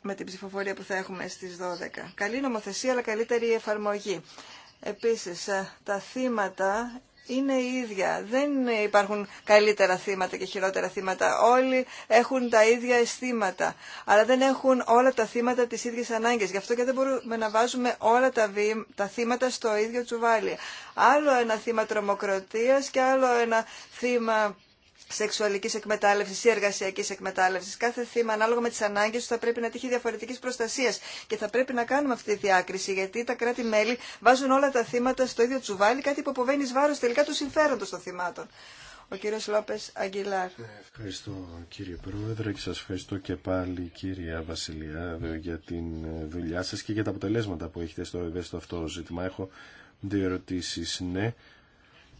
με την ψηφοφορία που θα έχουμε στις 12. Καλή νομοθεσία, αλλά καλύτερη εφαρμογή. Επίσης, ε, τα θύματα είναι ίδια. Δεν υπάρχουν καλύτερα θύματα και χειρότερα θύματα. Όλοι έχουν τα ίδια αισθήματα. Αλλά δεν έχουν όλα τα θύματα τις ίδιες ανάγκες. Γι' αυτό και δεν μπορούμε να βάζουμε όλα τα, τα θύματα στο ίδιο τσουβάλι. Άλλο ένα θύμα τρομοκρατίας και άλλο ένα θύμα σεξουαλικής εκμετάλλευσης ή εργασιακής εκμετάλλευσης. Κάθε θύμα ανάλογα με τις ανάγκες του θα πρέπει να τύχει διαφορετικής προστασίας και θα πρέπει να κάνουμε αυτή τη διάκριση γιατί τα κράτη-μέλη βάζουν όλα τα θύματα στο ίδιο τσουβάλι κάτι που αποβαίνει βάρος τελικά του συμφέροντος των θυμάτων. Ο κύριος Λόπες Αγγιλάρ. Ε, ευχαριστώ κύριε Πρόεδρε και σας ευχαριστώ και πάλι κύριε Βασιλιά ε, για την ε, δουλειά σα και για τα αποτελέσματα που έχετε στο στο αυτό ζήτημα. Έχω δύο ερωτήσει, Ναι,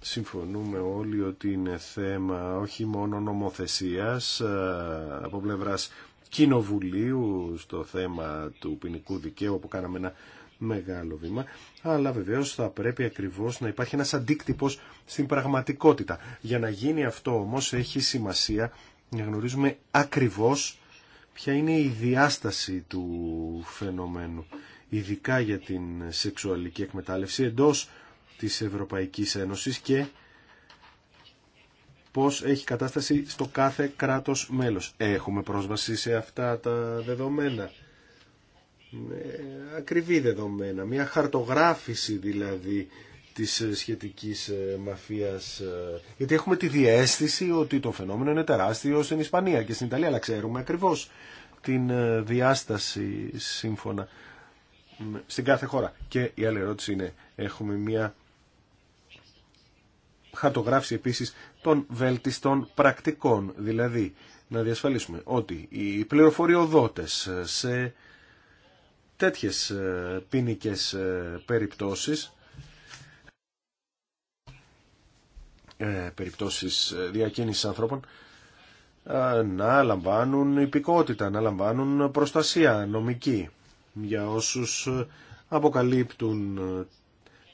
συμφωνούμε όλοι ότι είναι θέμα όχι μόνο νομοθεσίας ε, από πλευράς κοινοβουλίου στο θέμα του ποινικού δικαίου που κάναμε ένα μεγάλο βήμα, αλλά βεβαίως θα πρέπει ακριβώς να υπάρχει ένας αντίκτυπος στην πραγματικότητα. Για να γίνει αυτό όμως έχει σημασία να γνωρίζουμε ακριβώς ποια είναι η διάσταση του φαινομένου, ειδικά για την σεξουαλική εκμετάλλευση εντός της Ευρωπαϊκής Ένωσης και πώς έχει κατάσταση στο κάθε κράτος μέλος. Έχουμε πρόσβαση σε αυτά τα δεδομένα. Ακριβή δεδομένα. Μια χαρτογράφηση δηλαδή της σχετικής ε, μαφίας. Ε, γιατί έχουμε τη διέστηση ότι το φαινόμενο είναι τεράστιο στην Ισπανία και στην Ιταλία, αλλά ξέρουμε ακριβώς την ε, διάσταση σύμφωνα στην κάθε χώρα. Και η άλλη ερώτηση είναι, έχουμε μια χαρτογράφηση επίσης των βέλτιστων πρακτικών. Δηλαδή, να διασφαλίσουμε ότι οι πληροφοριοδότες σε τέτοιες ε, ποινικέ ε, περιπτώσεις ε, περιπτώσεις διακίνησης ανθρώπων να λαμβάνουν υπηκότητα, να λαμβάνουν προστασία νομική για όσους αποκαλύπτουν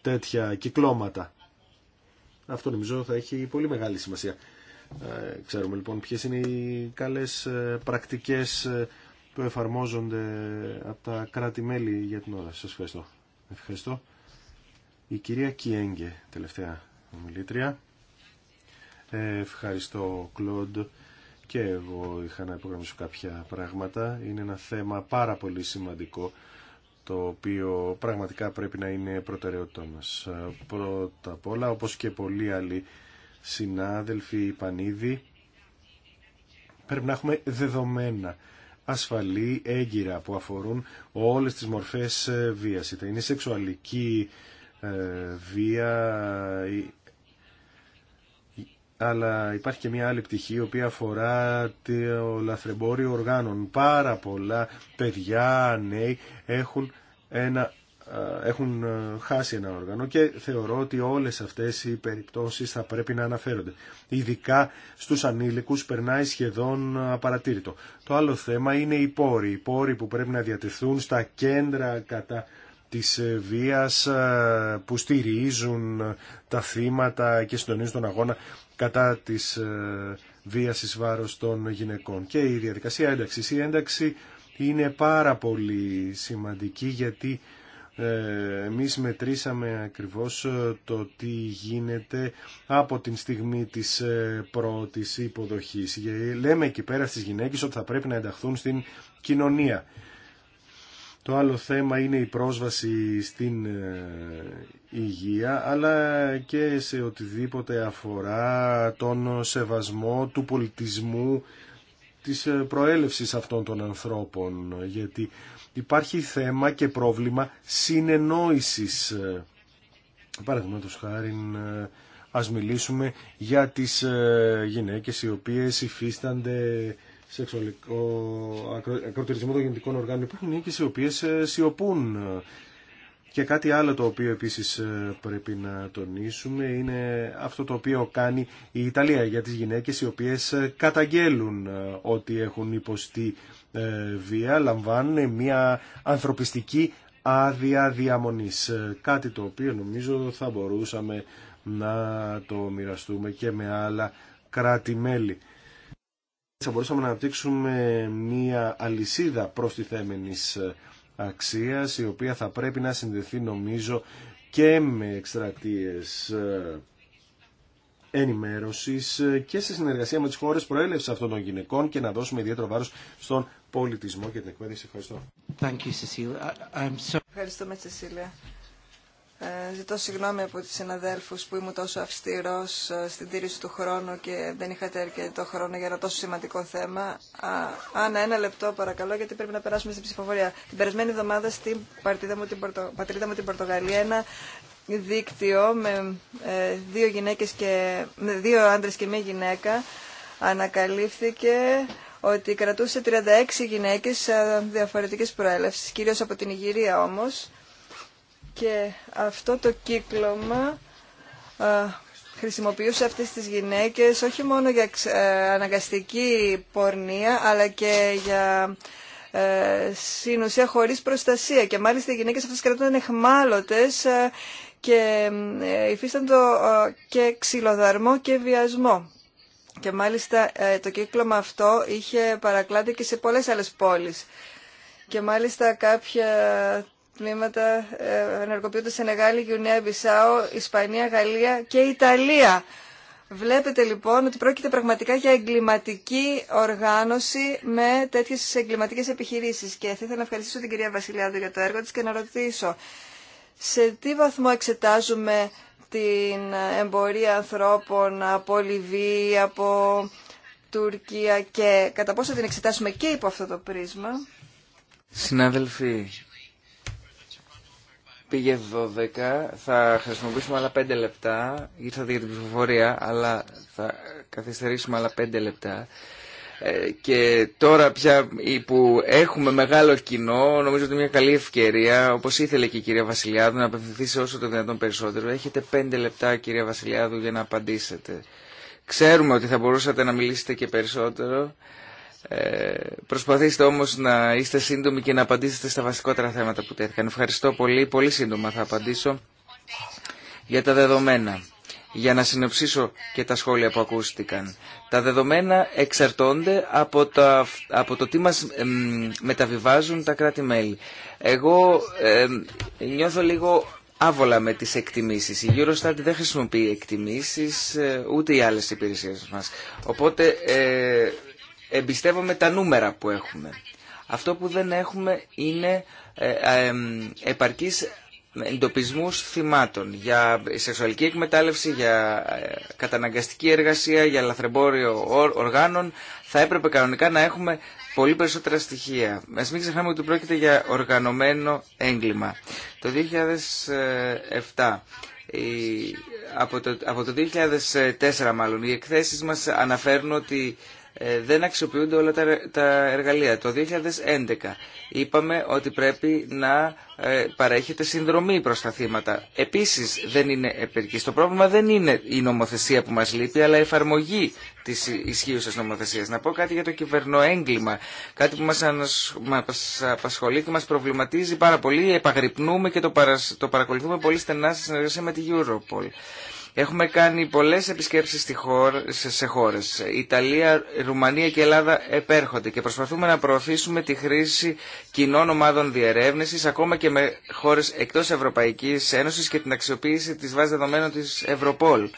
τέτοια κυκλώματα. Αυτό νομίζω θα έχει πολύ μεγάλη σημασία. Ε, ξέρουμε λοιπόν ποιε είναι οι καλές ε, πρακτικές ε, που εφαρμόζονται από τα κράτη-μέλη για την ώρα. Σας ευχαριστώ. Ευχαριστώ. Η κυρία Κιέγγε, τελευταία ομιλήτρια. Ευχαριστώ, Κλοντ. Και εγώ είχα να υπογραμμίσω κάποια πράγματα. Είναι ένα θέμα πάρα πολύ σημαντικό το οποίο πραγματικά πρέπει να είναι προτεραιότητά μας. Πρώτα απ' όλα, όπως και πολλοί άλλοι συνάδελφοι οι πρέπει να έχουμε δεδομένα ασφαλή, έγκυρα που αφορούν όλες τις μορφές ε, βίας. Είτε είναι σεξουαλική ε, βία, αλλά υπάρχει και μια άλλη πτυχή η οποία αφορά το λαθρεμπόριο οργάνων. Πάρα πολλά παιδιά, νέοι έχουν, ένα, έχουν χάσει ένα όργανο και θεωρώ ότι όλες αυτές οι περιπτώσεις θα πρέπει να αναφέρονται. Ειδικά στους ανήλικους περνάει σχεδόν απαρατήρητο. Το άλλο θέμα είναι οι πόροι. Οι πόροι που πρέπει να διατηθούν στα κέντρα κατά της ε, βίας που στηρίζουν τα θύματα και συντονίζουν τον αγώνα κατά της ε, βίας εις βάρος των γυναικών. Και η διαδικασία ένταξης. Η ένταξη είναι πάρα πολύ σημαντική γιατί ε, εμείς μετρήσαμε ακριβώς ε, το τι γίνεται από την στιγμή της πρώτης υποδοχής. Λέμε εκεί πέρα στις γυναίκες ότι θα πρέπει να ενταχθούν στην κοινωνία. Το άλλο θέμα είναι η πρόσβαση στην υγεία αλλά και σε οτιδήποτε αφορά τον σεβασμό του πολιτισμού της προέλευσης αυτών των ανθρώπων γιατί υπάρχει θέμα και πρόβλημα συνεννόησης παραδείγματο χάρη ας μιλήσουμε για τις ε, γυναίκες οι οποίες υφίστανται σεξουαλικό ακροτηρισμό των γεννητικών οργάνων υπάρχουν γυναίκες οι οποίες ε, σιωπούν και κάτι άλλο το οποίο επίσης ε, πρέπει να τονίσουμε είναι αυτό το οποίο κάνει η Ιταλία για τις γυναίκες οι οποίες ε, καταγγέλουν ε, ότι έχουν υποστεί βία, λαμβάνουν μια ανθρωπιστική άδεια διαμονής. Κάτι το οποίο νομίζω θα μπορούσαμε να το μοιραστούμε και με άλλα κράτη-μέλη. Θα μπορούσαμε να αναπτύξουμε μια αλυσίδα προστιθέμενης αξίας η οποία θα πρέπει να συνδεθεί νομίζω και με εκστρατείες ε, ενημέρωσης και σε συνεργασία με τις χώρες προέλευσης αυτών των γυναικών και να δώσουμε ιδιαίτερο βάρος στον πολιτισμό και την εκπαίδευση. Ευχαριστώ. Thank ε, ζητώ συγγνώμη από τους συναδέλφους που ήμουν τόσο αυστηρός ε, στην τήρηση του χρόνου και δεν είχατε αρκετό χρόνο για ένα τόσο σημαντικό θέμα. Άννα, ένα λεπτό παρακαλώ, γιατί πρέπει να περάσουμε στην ψηφοφορία. Την περασμένη εβδομάδα στην πατρίδα μου την, Πορτο... μου, την Πορτογαλία ένα δίκτυο με ε, δύο, γυναίκες και... δύο άντρες και μία γυναίκα ανακαλύφθηκε ότι κρατούσε 36 γυναίκες διαφορετικές προέλευσης, κυρίως από την Ιγυρία όμως, και αυτό το κύκλωμα χρησιμοποιούσε αυτές τις γυναίκες όχι μόνο για ε, αναγκαστική πορνεία αλλά και για ε, συνουσία χωρίς προστασία και μάλιστα οι γυναίκες αυτές κρατούνταν εχμάλωτες ε, και υφίσταν και ξυλοδαρμό και βιασμό. Και μάλιστα το κύκλωμα αυτό είχε παρακλάτη και σε πολλές άλλες πόλεις. Και μάλιστα κάποια τμήματα ε, ενεργοποιούνται σε Νεγάλη, Γιουνέα, Μπισάο, Ισπανία, Γαλλία και Ιταλία. Βλέπετε λοιπόν ότι πρόκειται πραγματικά για εγκληματική οργάνωση με τέτοιε εγκληματικέ επιχειρήσει. Και θα ήθελα να ευχαριστήσω την κυρία Βασιλιάδου για το έργο τη και να ρωτήσω σε τι βαθμό εξετάζουμε την εμπορία ανθρώπων από Λιβύη, από Τουρκία και κατά πόσο την εξετάσουμε και υπό αυτό το πρίσμα. Συνάδελφοι, πήγε 12, θα χρησιμοποιήσουμε άλλα 5 λεπτά, ήρθατε για την πληροφορία, αλλά θα καθυστερήσουμε άλλα 5 λεπτά. Ε, και τώρα πια που έχουμε μεγάλο κοινό, νομίζω ότι είναι μια καλή ευκαιρία, όπως ήθελε και η κυρία Βασιλιάδου, να απευθυνθεί σε όσο το δυνατόν περισσότερο. Έχετε 5 λεπτά, κυρία Βασιλιάδου, για να απαντήσετε. Ξέρουμε ότι θα μπορούσατε να μιλήσετε και περισσότερο. Ε, προσπαθήστε όμω να είστε σύντομοι και να απαντήσετε στα βασικότερα θέματα που τέθηκαν. Ευχαριστώ πολύ. Πολύ σύντομα θα απαντήσω για τα δεδομένα. Για να συνοψίσω και τα σχόλια που ακούστηκαν. Τα δεδομένα εξαρτώνται από, από το τι μας μεταβιβάζουν τα κράτη-μέλη. Εγώ νιώθω λίγο άβολα με τις εκτιμήσεις. Η Eurostat δεν χρησιμοποιεί εκτιμήσεις, ε, ούτε οι άλλες υπηρεσίες μας. Οπότε... Ε, εμπιστεύομαι τα νούμερα που έχουμε. Αυτό που δεν έχουμε είναι ε, ε, επαρκής εντοπισμούς θυμάτων για σεξουαλική εκμετάλλευση, για ε, καταναγκαστική εργασία, για λαθρεμπόριο οργάνων. Θα έπρεπε κανονικά να έχουμε πολύ περισσότερα στοιχεία. Ας μην ξεχνάμε ότι πρόκειται για οργανωμένο έγκλημα. Το 2007... Από το, από το 2004 μάλλον οι εκθέσεις μας αναφέρουν ότι ε, δεν αξιοποιούνται όλα τα εργαλεία. Το 2011 είπαμε ότι πρέπει να ε, παρέχεται συνδρομή προς τα θύματα. Επίσης δεν είναι επερκής. Το πρόβλημα δεν είναι η νομοθεσία που μας λείπει, αλλά η εφαρμογή της ισχύουσας νομοθεσίας. Να πω κάτι για το κυβερνοέγκλημα, κάτι που μας απασχολεί και μας προβληματίζει πάρα πολύ. Επαγρυπνούμε και το παρακολουθούμε πολύ στενά στη συνεργασία με τη Europol. Έχουμε κάνει πολλές επισκέψεις σε χώρες. Ιταλία, Ρουμανία και Ελλάδα επέρχονται και προσπαθούμε να προωθήσουμε τη χρήση κοινών ομάδων διερεύνησης ακόμα και με χώρες εκτός Ευρωπαϊκής Ένωσης και την αξιοποίηση της βάσης δεδομένων της Ευρωπόλ.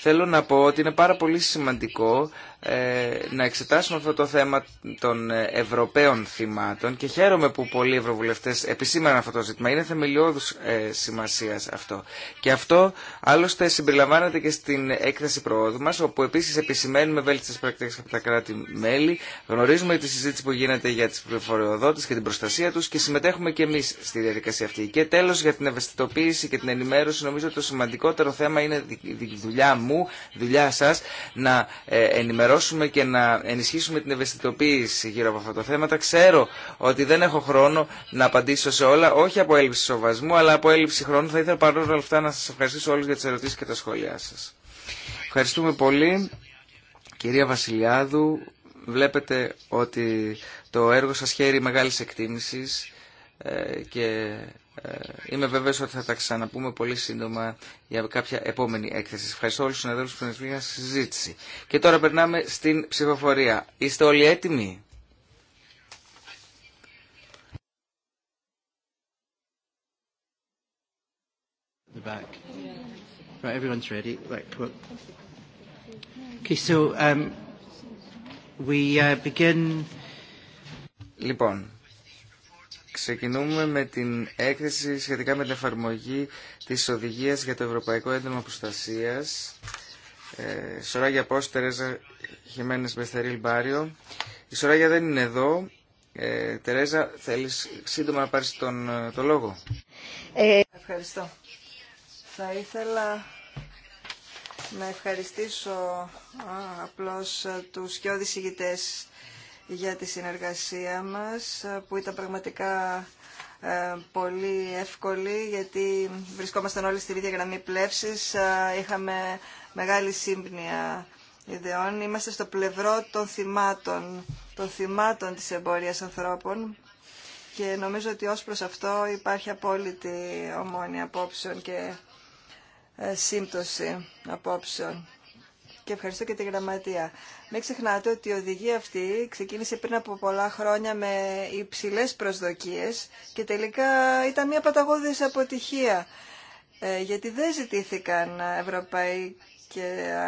Θέλω να πω ότι είναι πάρα πολύ σημαντικό ε, να εξετάσουμε αυτό το θέμα των ε, Ευρωπαίων θυμάτων και χαίρομαι που πολλοί Ευρωβουλευτές επισήμαναν αυτό το ζήτημα. Είναι θεμελιώδους ε, σημασίας αυτό. Και αυτό άλλωστε συμπεριλαμβάνεται και στην έκθεση προόδου μας όπου επίσης επισημαίνουμε βέλτιστες πρακτικές από τα κράτη-μέλη, γνωρίζουμε τη συζήτηση που γίνεται για τις πληροφοριοδότες και την προστασία τους και συμμετέχουμε και εμείς στη διαδικασία αυτή. Και τέλος για την ευαισθητοποίηση και την ενημέρωση νομίζω ότι το σημαντικότερο θέμα είναι η δουλειά μου, δουλειά σας να ενημερώσουμε ενημερώσουμε και να ενισχύσουμε την ευαισθητοποίηση γύρω από αυτά τα θέματα. Ξέρω ότι δεν έχω χρόνο να απαντήσω σε όλα, όχι από έλλειψη σοβασμού, αλλά από έλλειψη χρόνου. Θα ήθελα παρόλα αυτά να σας ευχαριστήσω όλους για τις ερωτήσεις και τα σχόλιά σας. Ευχαριστούμε πολύ. Κυρία Βασιλιάδου, βλέπετε ότι το έργο σας χαίρει μεγάλης εκτίμησης ε, και ε, είμαι βέβαιος ότι θα τα ξαναπούμε πολύ σύντομα για κάποια επόμενη έκθεση. Ευχαριστώ όλου του συναδέλφους που είναι στη συζήτηση. Και τώρα περνάμε στην ψηφοφορία. Είστε όλοι έτοιμοι? Λοιπόν, Ξεκινούμε με την έκθεση σχετικά με την εφαρμογή της οδηγίας για το Ευρωπαϊκό Έντομα Προστασίας. Ε, Σωράγια Πώς, Τερέζα Χιμένες Μπεστερίλ Μπάριο. Η Σωράγια δεν είναι εδώ. Ε, Τερέζα, θέλεις σύντομα να πάρεις τον, το λόγο. Ε, ευχαριστώ. Θα ήθελα να ευχαριστήσω α, απλώς ε, τους και ηγητές για τη συνεργασία μας που ήταν πραγματικά ε, πολύ εύκολη γιατί βρισκόμασταν όλοι στην ίδια γραμμή πλεύσης. Ε, είχαμε μεγάλη σύμπνοια ιδεών. Είμαστε στο πλευρό των θυμάτων, των θυμάτων της εμπορίας ανθρώπων και νομίζω ότι ως προς αυτό υπάρχει απόλυτη ομόνια απόψεων και ε, σύμπτωση απόψεων και ευχαριστώ και τη Γραμματεία. Μην ξεχνάτε ότι η οδηγία αυτή ξεκίνησε πριν από πολλά χρόνια με υψηλέ προσδοκίες και τελικά ήταν μια παταγώδη αποτυχία, ε, γιατί δεν ζητήθηκαν ευρωπαϊκά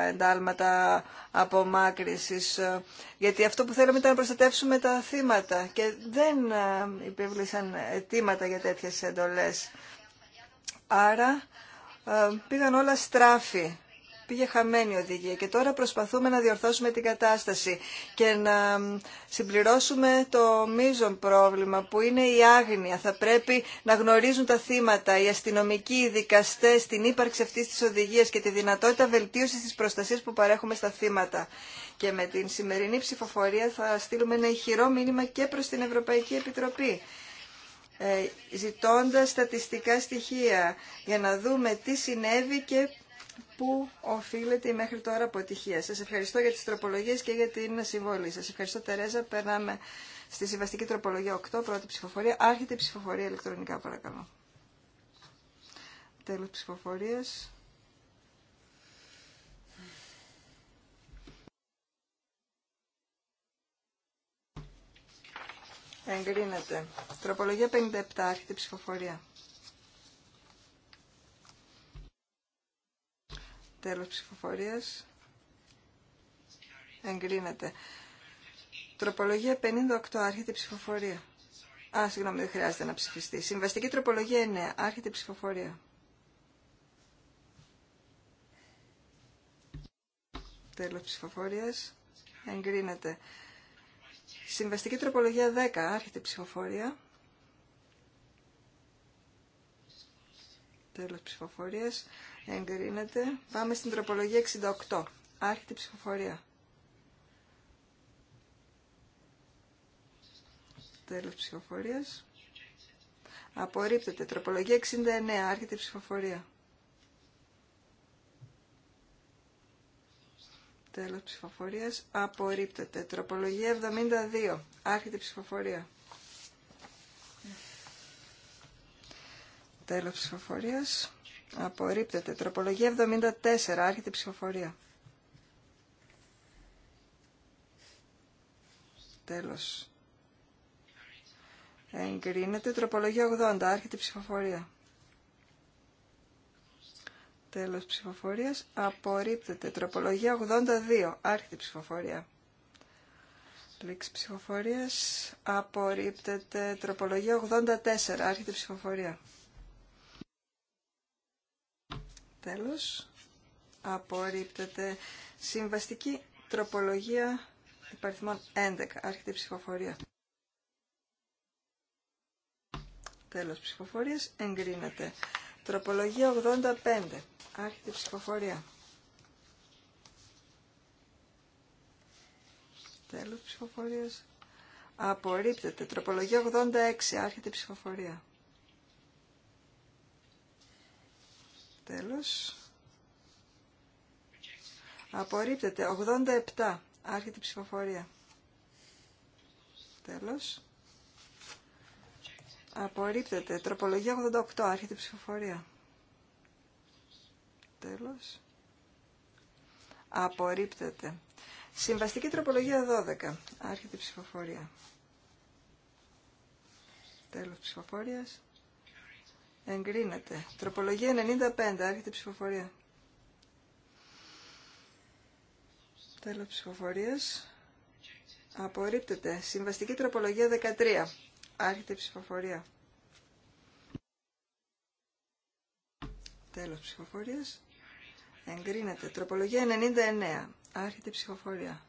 εντάλματα απομάκρυση. Ε, γιατί αυτό που θέλαμε ήταν να προστατεύσουμε τα θύματα και δεν ε, υπήρξαν αιτήματα για τέτοιε εντολέ. Άρα πήγαν όλα στράφη πήγε χαμένη η οδηγία και τώρα προσπαθούμε να διορθώσουμε την κατάσταση και να συμπληρώσουμε το μείζον πρόβλημα που είναι η άγνοια. Θα πρέπει να γνωρίζουν τα θύματα, οι αστυνομικοί, οι δικαστές, την ύπαρξη αυτής της οδηγίας και τη δυνατότητα βελτίωσης της προστασίας που παρέχουμε στα θύματα. Και με την σημερινή ψηφοφορία θα στείλουμε ένα ηχηρό μήνυμα και προς την Ευρωπαϊκή Επιτροπή ε, ζητώντας στατιστικά στοιχεία για να δούμε τι συνέβη και Πού οφείλεται μέχρι τώρα αποτυχία. Σας ευχαριστώ για τις τροπολογίες και για την συμβολή σας. Ευχαριστώ Τερέζα. Περνάμε στη συμβαστική τροπολογία 8, πρώτη ψηφοφορία. Άρχεται η ψηφοφορία ηλεκτρονικά παρακαλώ. Τέλος ψηφοφορίας. Εγκρίνεται. Τροπολογία 57, άρχεται η ψηφοφορία. Τέλος ψηφοφορίας. Εγκρίνεται. Τροπολογία 58. Άρχεται η ψηφοφορία. Α, συγγνώμη, δεν χρειάζεται να ψηφιστεί. Συμβαστική τροπολογία 9. Άρχεται η ψηφοφορία. Τέλος ψηφοφορίας. Εγκρίνεται. Συμβαστική τροπολογία 10. Άρχεται η ψηφοφορία. Τέλος ψηφοφορίας εγκρίνεται. Πάμε στην τροπολογία 68. Άρχεται ψηφοφορία. Τέλος ψηφοφορίας. Απορρίπτεται. Τροπολογία 69. Άρχεται ψηφοφορία. Τέλος ψηφοφορίας. Απορρίπτεται. Τροπολογία 72. Άρχεται ψηφοφορία. Τέλος ψηφοφορίας Απορρίπτεται. Τροπολογία 74. Άρχεται η ψηφοφορία. Τέλος. Εγκρίνεται. Τροπολογία 80. Άρχεται η ψηφοφορία. Τέλος ψηφοφορίας. Απορρίπτεται. Τροπολογία 82. Άρχεται η ψηφοφορία. Λήξη ψηφοφορίας. Απορρίπτεται. Τροπολογία 84. Άρχεται η ψηφοφορία. Τέλος, απορρίπτεται συμβαστική τροπολογία υπαριθμών 11, άρχεται η ψηφοφορία. Τέλος ψηφοφορίας, εγκρίνεται. Τροπολογία 85, άρχεται η ψηφοφορία. Τέλος ψηφοφορίας, απορρίπτεται. Τροπολογία 86, άρχεται η ψηφοφορία. Τέλος. Απορρίπτεται. 87. Άρχεται η ψηφοφορία. Τέλος. Απορρίπτεται. Τροπολογία 88. Άρχεται η ψηφοφορία. Τέλος. Απορρίπτεται. Συμβαστική τροπολογία 12. Άρχεται η ψηφοφορία. Τέλος ψηφοφορίας. Εγκρίνεται. Τροπολογία 95. Άρχεται η ψηφοφορία. Τέλος ψηφοφορίας. Απορρίπτεται. Συμβαστική τροπολογία 13. Άρχεται η ψηφοφορία. Τέλος ψηφοφορίας. Εγκρίνεται. Τροπολογία 99. Άρχεται η ψηφοφορία.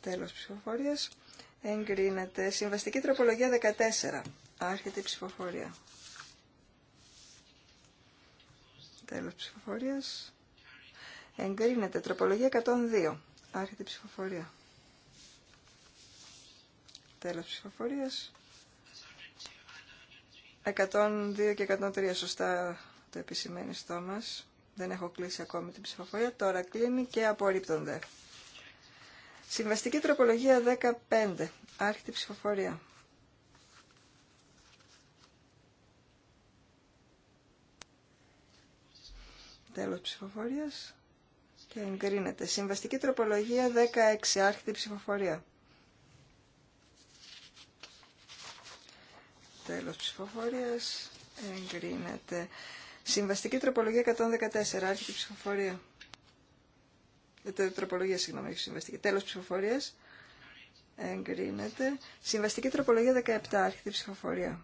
Τέλος ψηφοφορίας εγκρίνεται. Συμβαστική τροπολογία 14. Άρχεται η ψηφοφορία. Τέλος ψηφοφορίας. Εγκρίνεται. Τροπολογία 102. Άρχεται η ψηφοφορία. Τέλος ψηφοφορίας. 102 και 103 σωστά το επισημαίνει στο μας. Δεν έχω κλείσει ακόμη την ψηφοφορία. Τώρα κλείνει και απορρίπτονται. Συμβαστική τροπολογία 15. Άρχιτη ψηφοφορία. Τέλος ψηφοφορίας. Και εγκρίνεται. Συμβαστική τροπολογία 16. Άρχιτη ψηφοφορία. Τέλος ψηφοφορίας. Εγκρίνεται. Συμβαστική τροπολογία 114. Άρχιτη ψηφοφορία. Ε, τροπολογία, συγγνώμη, έχει συμβαστική. Τέλος ψυχοφορίας. Εγκρίνεται. Συμβαστική τροπολογία 17, άρχιτη ψηφοφορία.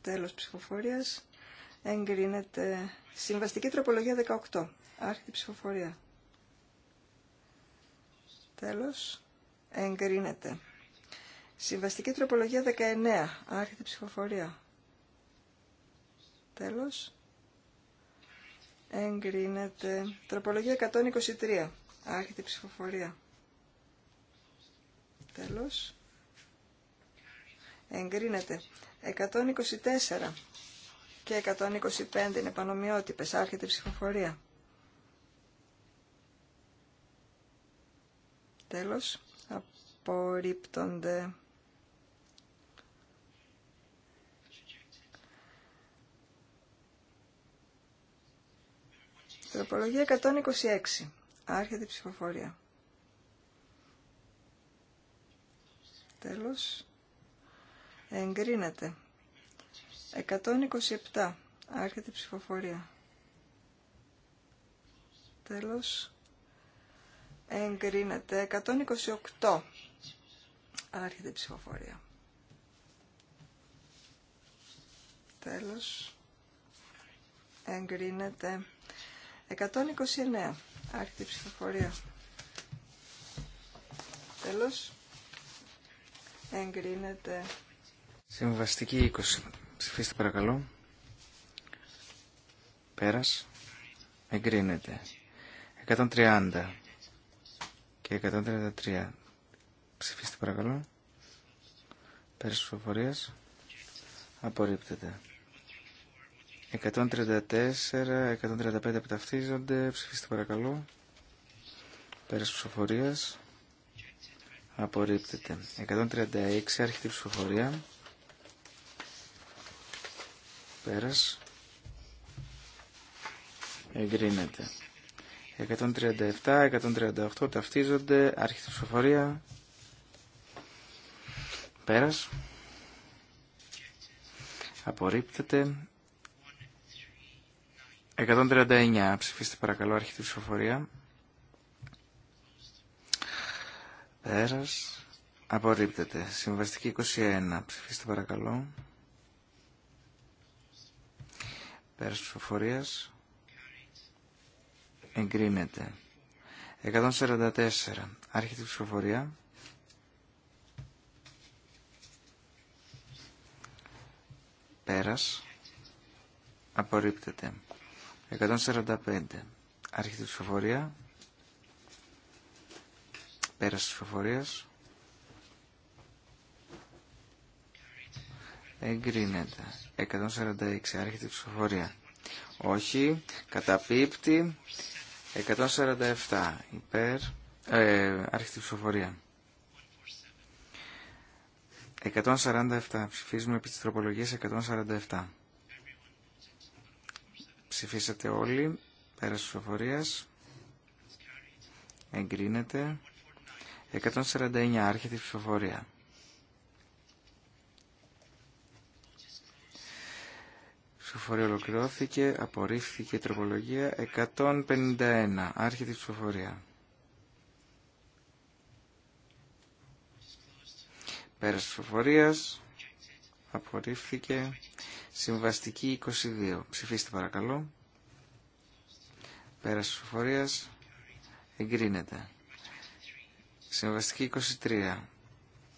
Τέλος ψηφοφορία. Εγκρίνεται. Συμβαστική τροπολογία 18, άρχεται ψηφοφορία. Τέλος. Εγκρίνεται. Συμβαστική τροπολογία 19, άρχεται ψηφοφορία. Τέλος. Εγκρίνεται. Τροπολογία 123. Άρχεται η ψηφοφορία. Τέλος. Εγκρίνεται. 124 και 125 είναι πανομοιότυπες. Άρχεται η ψηφοφορία. Τέλος. Απορρίπτονται. Τροπολογία 126. Άρχεται η ψηφοφορία. Τέλος. Εγκρίνεται. 127. Άρχεται η ψηφοφορία. Τέλος. Εγκρίνεται. 128. Άρχεται η ψηφοφορία. Τέλος. Εγκρίνεται. 129. Άρχεται η ψηφοφορία. Τέλος. Εγκρίνεται. Συμβαστική 20. Ψηφίστε παρακαλώ. Πέρας. Εγκρίνεται. 130 και 133. Ψηφίστε παρακαλώ. Πέρας ψηφοφορίας. Απορρίπτεται. 134, 135 ταυτίζονται. Ψηφίστε παρακαλώ. Πέρας ψηφοφορίας. Απορρίπτεται. 136, άρχιτη ψηφοφορία. Πέρας. Εγκρίνεται. 137, 138 ταυτίζονται. Άρχιτη ψηφοφορία. Πέρας. Απορρίπτεται. 139. Ψηφίστε παρακαλώ αρχή ψηφοφορία. Πέρας. Απορρίπτεται. Συμβαστική 21. Ψηφίστε παρακαλώ. Πέρας ψηφοφορίας. Εγκρίνεται. 144. Άρχεται ψηφοφορία. Πέρας. Απορρίπτεται. 145. Άρχεται η ψηφοφορία. Πέραση της Εγκρίνεται. 146. Άρχεται ψηφοφορία. Όχι. Καταπίπτει. 147. Υπέρ. Ε, άρχεται ψηφοφορία. 147. Ψηφίζουμε επί της τροπολογίας 147. Ψηφίσατε όλοι. Πέρας ψηφοφορία. Εγκρίνεται. 149. Άρχεται η ψηφοφορία. Ψηφοφορία ολοκληρώθηκε. Απορρίφθηκε η τροπολογία. 151. Άρχεται η ψηφοφορία. Πέρας ψηφοφορίας. Απορρίφθηκε. Συμβαστική 22. Ψηφίστε παρακαλώ. Πέρασε ψηφοφορίας. Εγκρίνεται. Συμβαστική 23.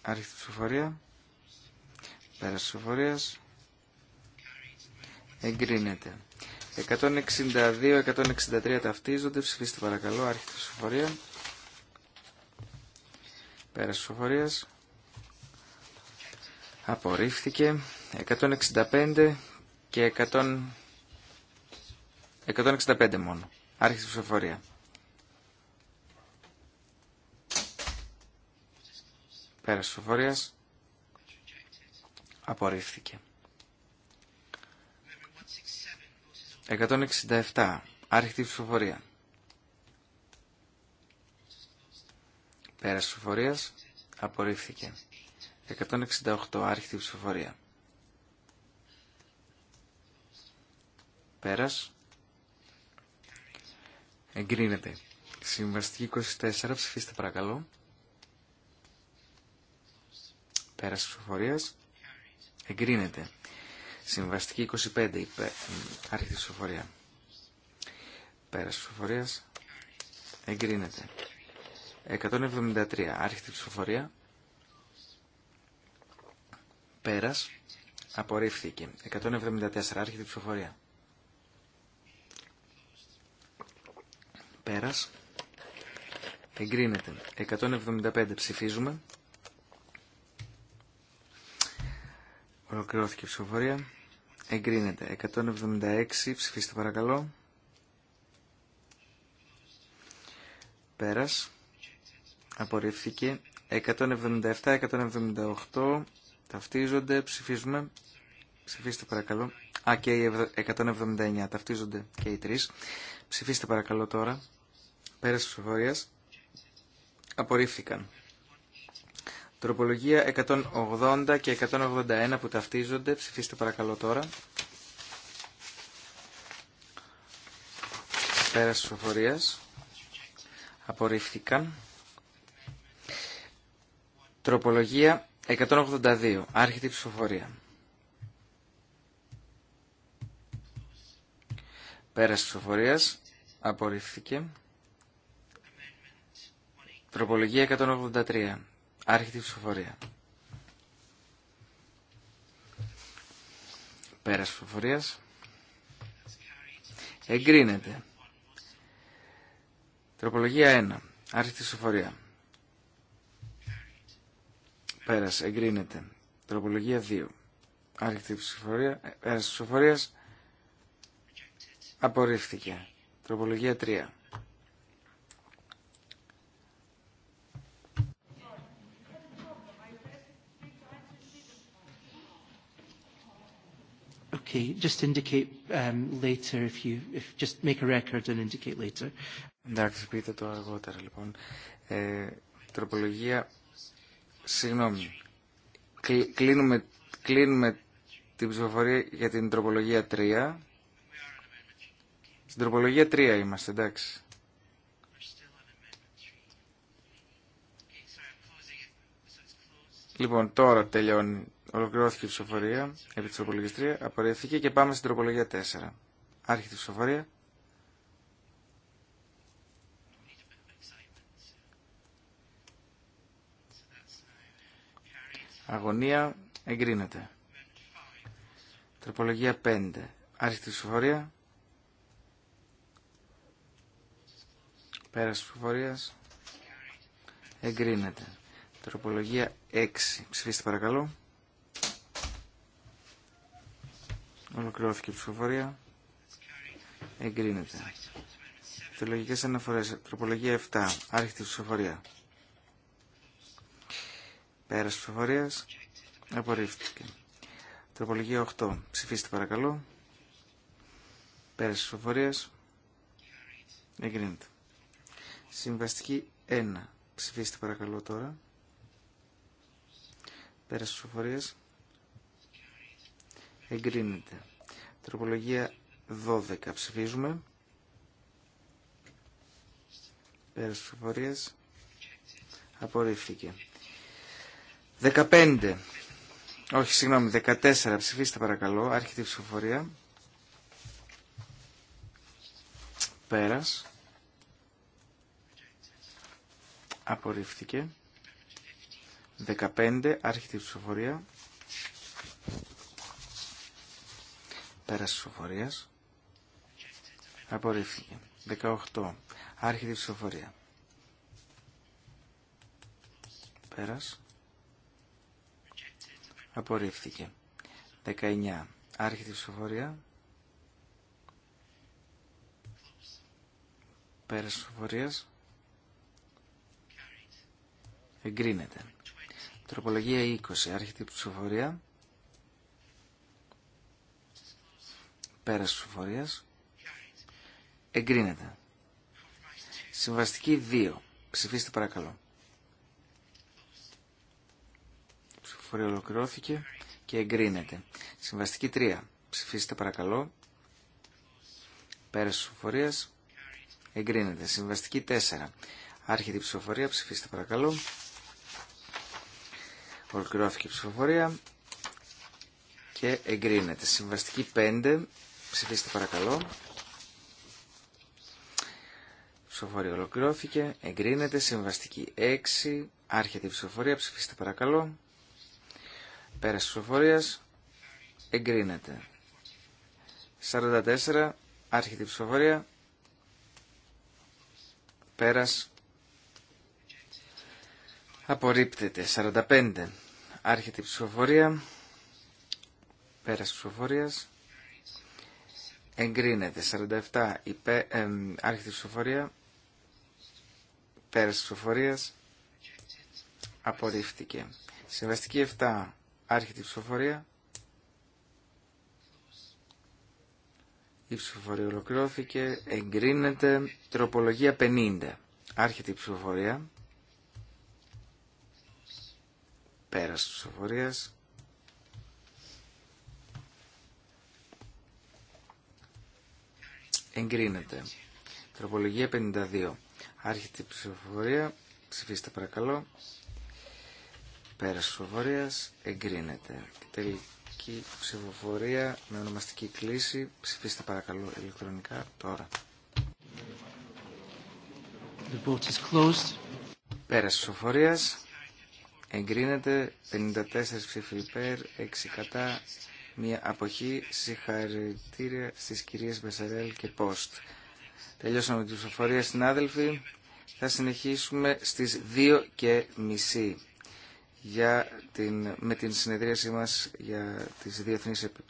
Άρχιτη ψηφοφορία. Πέρας ψηφοφορίας. Εγκρίνεται. 162-163 ταυτίζονται. Ψηφίστε παρακαλώ. Άρχιτη ψηφοφορία. Πέρασε ψηφοφορίας. Απορρίφθηκε. 165 και 100... 165 μόνο. Άρχισε η ψηφοφορία. η ψηφοφορίας. Απορρίφθηκε. 167. η ψηφοφορία. η ψηφοφορίας. Απορρίφθηκε. 168. η ψηφοφορία. Πέρας. Εγκρίνεται. Συμβαστική 24. Ψηφίστε παρακαλώ. Πέρας ψηφοφορίας. Εγκρίνεται. Συμβαστική 25. Υπέ... Άρχιτη ψηφοφορία. Πέρας ψηφοφορίας. Εγκρίνεται. 173. Άρχιτη ψηφοφορία. Πέρας. Απορρίφθηκε. 174. Άρχιτη ψηφοφορία. Πέρας. Εγκρίνεται. 175 ψηφίζουμε. Ολοκληρώθηκε η ψηφοφορία. Εγκρίνεται. 176 ψηφίστε παρακαλώ. Πέρας. Απορρίφθηκε. 177, 178 ταυτίζονται. Ψηφίζουμε. Ψηφίστε παρακαλώ. Α, και οι 179 ταυτίζονται και οι 3. Ψηφίστε παρακαλώ τώρα. Πέρας ψηφοφορίας. Απορρίφθηκαν. Τροπολογία 180 και 181 που ταυτίζονται. Ψηφίστε παρακαλώ τώρα. Πέρας ψηφοφορίας. Απορρίφθηκαν. Τροπολογία 182. Άρχεται η ψηφοφορία. Πέρας ψηφοφορίας. Απορρίφθηκε. Τροπολογία 183. Άρχιτη ψηφοφορία. Πέρας ψηφοφορία. Εγκρίνεται. Τροπολογία 1. Άρχιτη ψηφοφορία. Πέρας. Εγκρίνεται. Τροπολογία 2. Άρχιτη ψηφοφορία. Ε, Πέρα ψηφοφορία. Απορρίφθηκε. Τροπολογία 3. Okay, just indicate um, later if you, if just make a record and indicate later. Εντάξει, πείτε το αργότερα λοιπόν. Ε, τροπολογία, συγγνώμη, κλείνουμε, κλείνουμε την ψηφοφορία για την τροπολογία 3. Στην τροπολογία 3 είμαστε, εντάξει. Λοιπόν, τώρα τελειώνει Ολοκληρώθηκε η ψηφοφορία επί τη τροπολογιστρία. 3. Απορριφθήκε και πάμε στην τροπολογία 4. Άρχεται η ψηφοφορία. Αγωνία εγκρίνεται. Τροπολογία 5. Άρχεται η ψηφοφορία. Πέρας ψηφοφορία. Εγκρίνεται. Τροπολογία 6. Ψηφίστε παρακαλώ. Ολοκληρώθηκε η ψηφοφορία. Εγκρίνεται. Θεολογικέ αναφορέ. Τροπολογία 7. η ψηφοφορία. Πέρα ψηφοφορία. Απορρίφθηκε. Τροπολογία 8. Ψηφίστε παρακαλώ. Πέρα ψηφοφορία. Εγκρίνεται. Συμβαστική 1. Ψηφίστε παρακαλώ τώρα. Πέρα ψηφοφορία εγκρίνεται. Τροπολογία 12 ψηφίζουμε. Πέρας ψηφοφορίας απορρίφθηκε. 15. Όχι, συγγνώμη, 14. Ψηφίστε παρακαλώ. Άρχεται η ψηφοφορία. Πέρας. Απορρίφθηκε. 15. Άρχεται η ψηφοφορία. Πέρας ψηφοφορίας. Απορρίφθηκε. 18. Άρχιτη ψηφοφορία. Πέρας. Απορρίφθηκε. 19. Άρχιτη ψηφοφορία. Πέρας ψηφοφορίας. Εγκρίνεται. Τροπολογία 20. Άρχιτη ψηφοφορία. Πέρας ψηφοφορίας. Εγκρίνεται. Συμβαστική 2. Ψηφίστε παρακαλώ. Η ψηφοφορία ολοκληρώθηκε και εγκρίνεται. Συμβαστική 3. Ψηφίστε παρακαλώ. Πέρας ψηφοφορίας. Εγκρίνεται. Συμβαστική 4. Άρχεται η ψηφοφορία. Ψηφίστε παρακαλώ. Ολοκληρώθηκε η ψηφοφορία και εγκρίνεται. Συμβαστική 5, ψηφίστε παρακαλώ. Ψηφοφορία ολοκληρώθηκε, εγκρίνεται. Συμβαστική 6, άρχεται η ψηφοφορία, ψηφίστε παρακαλώ. Πέρας ψηφοφορίας, εγκρίνεται. 44, άρχεται η ψηφοφορία. Πέρας. Απορρίπτεται. 45. Άρχεται η ψηφοφορία. Πέρας ψηφοφορία. Εγκρίνεται. 47 υπέ, ε, άρχιτη ψηφοφορία. Πέρας ψηφοφορίας. Απορρίφθηκε. Συμβαστική 7 άρχιτη ψηφοφορία. Η ψηφοφορία ολοκληρώθηκε. Εγκρίνεται. Τροπολογία 50. Άρχεται η ψηφοφορία. Πέρας ψηφοφορίας. εγκρίνεται. Τροπολογία 52. Άρχεται η ψηφοφορία. Ψηφίστε παρακαλώ. Πέρας ψηφοφορία. εγκρίνεται. Τελική ψηφοφορία με ονομαστική κλίση. Ψηφίστε παρακαλώ ηλεκτρονικά τώρα. The vote is closed. εγκρίνεται. 54 ψήφοι υπέρ, 6 κατά, μια αποχή συγχαρητήρια στις κυρίες Μπεσαρέλ και Πόστ. Τελειώσαμε με την ψηφοφορία συνάδελφοι. Θα συνεχίσουμε στις 2 και μισή για την, με την συνεδρίασή μας για τις διεθνείς επιπτώσεις.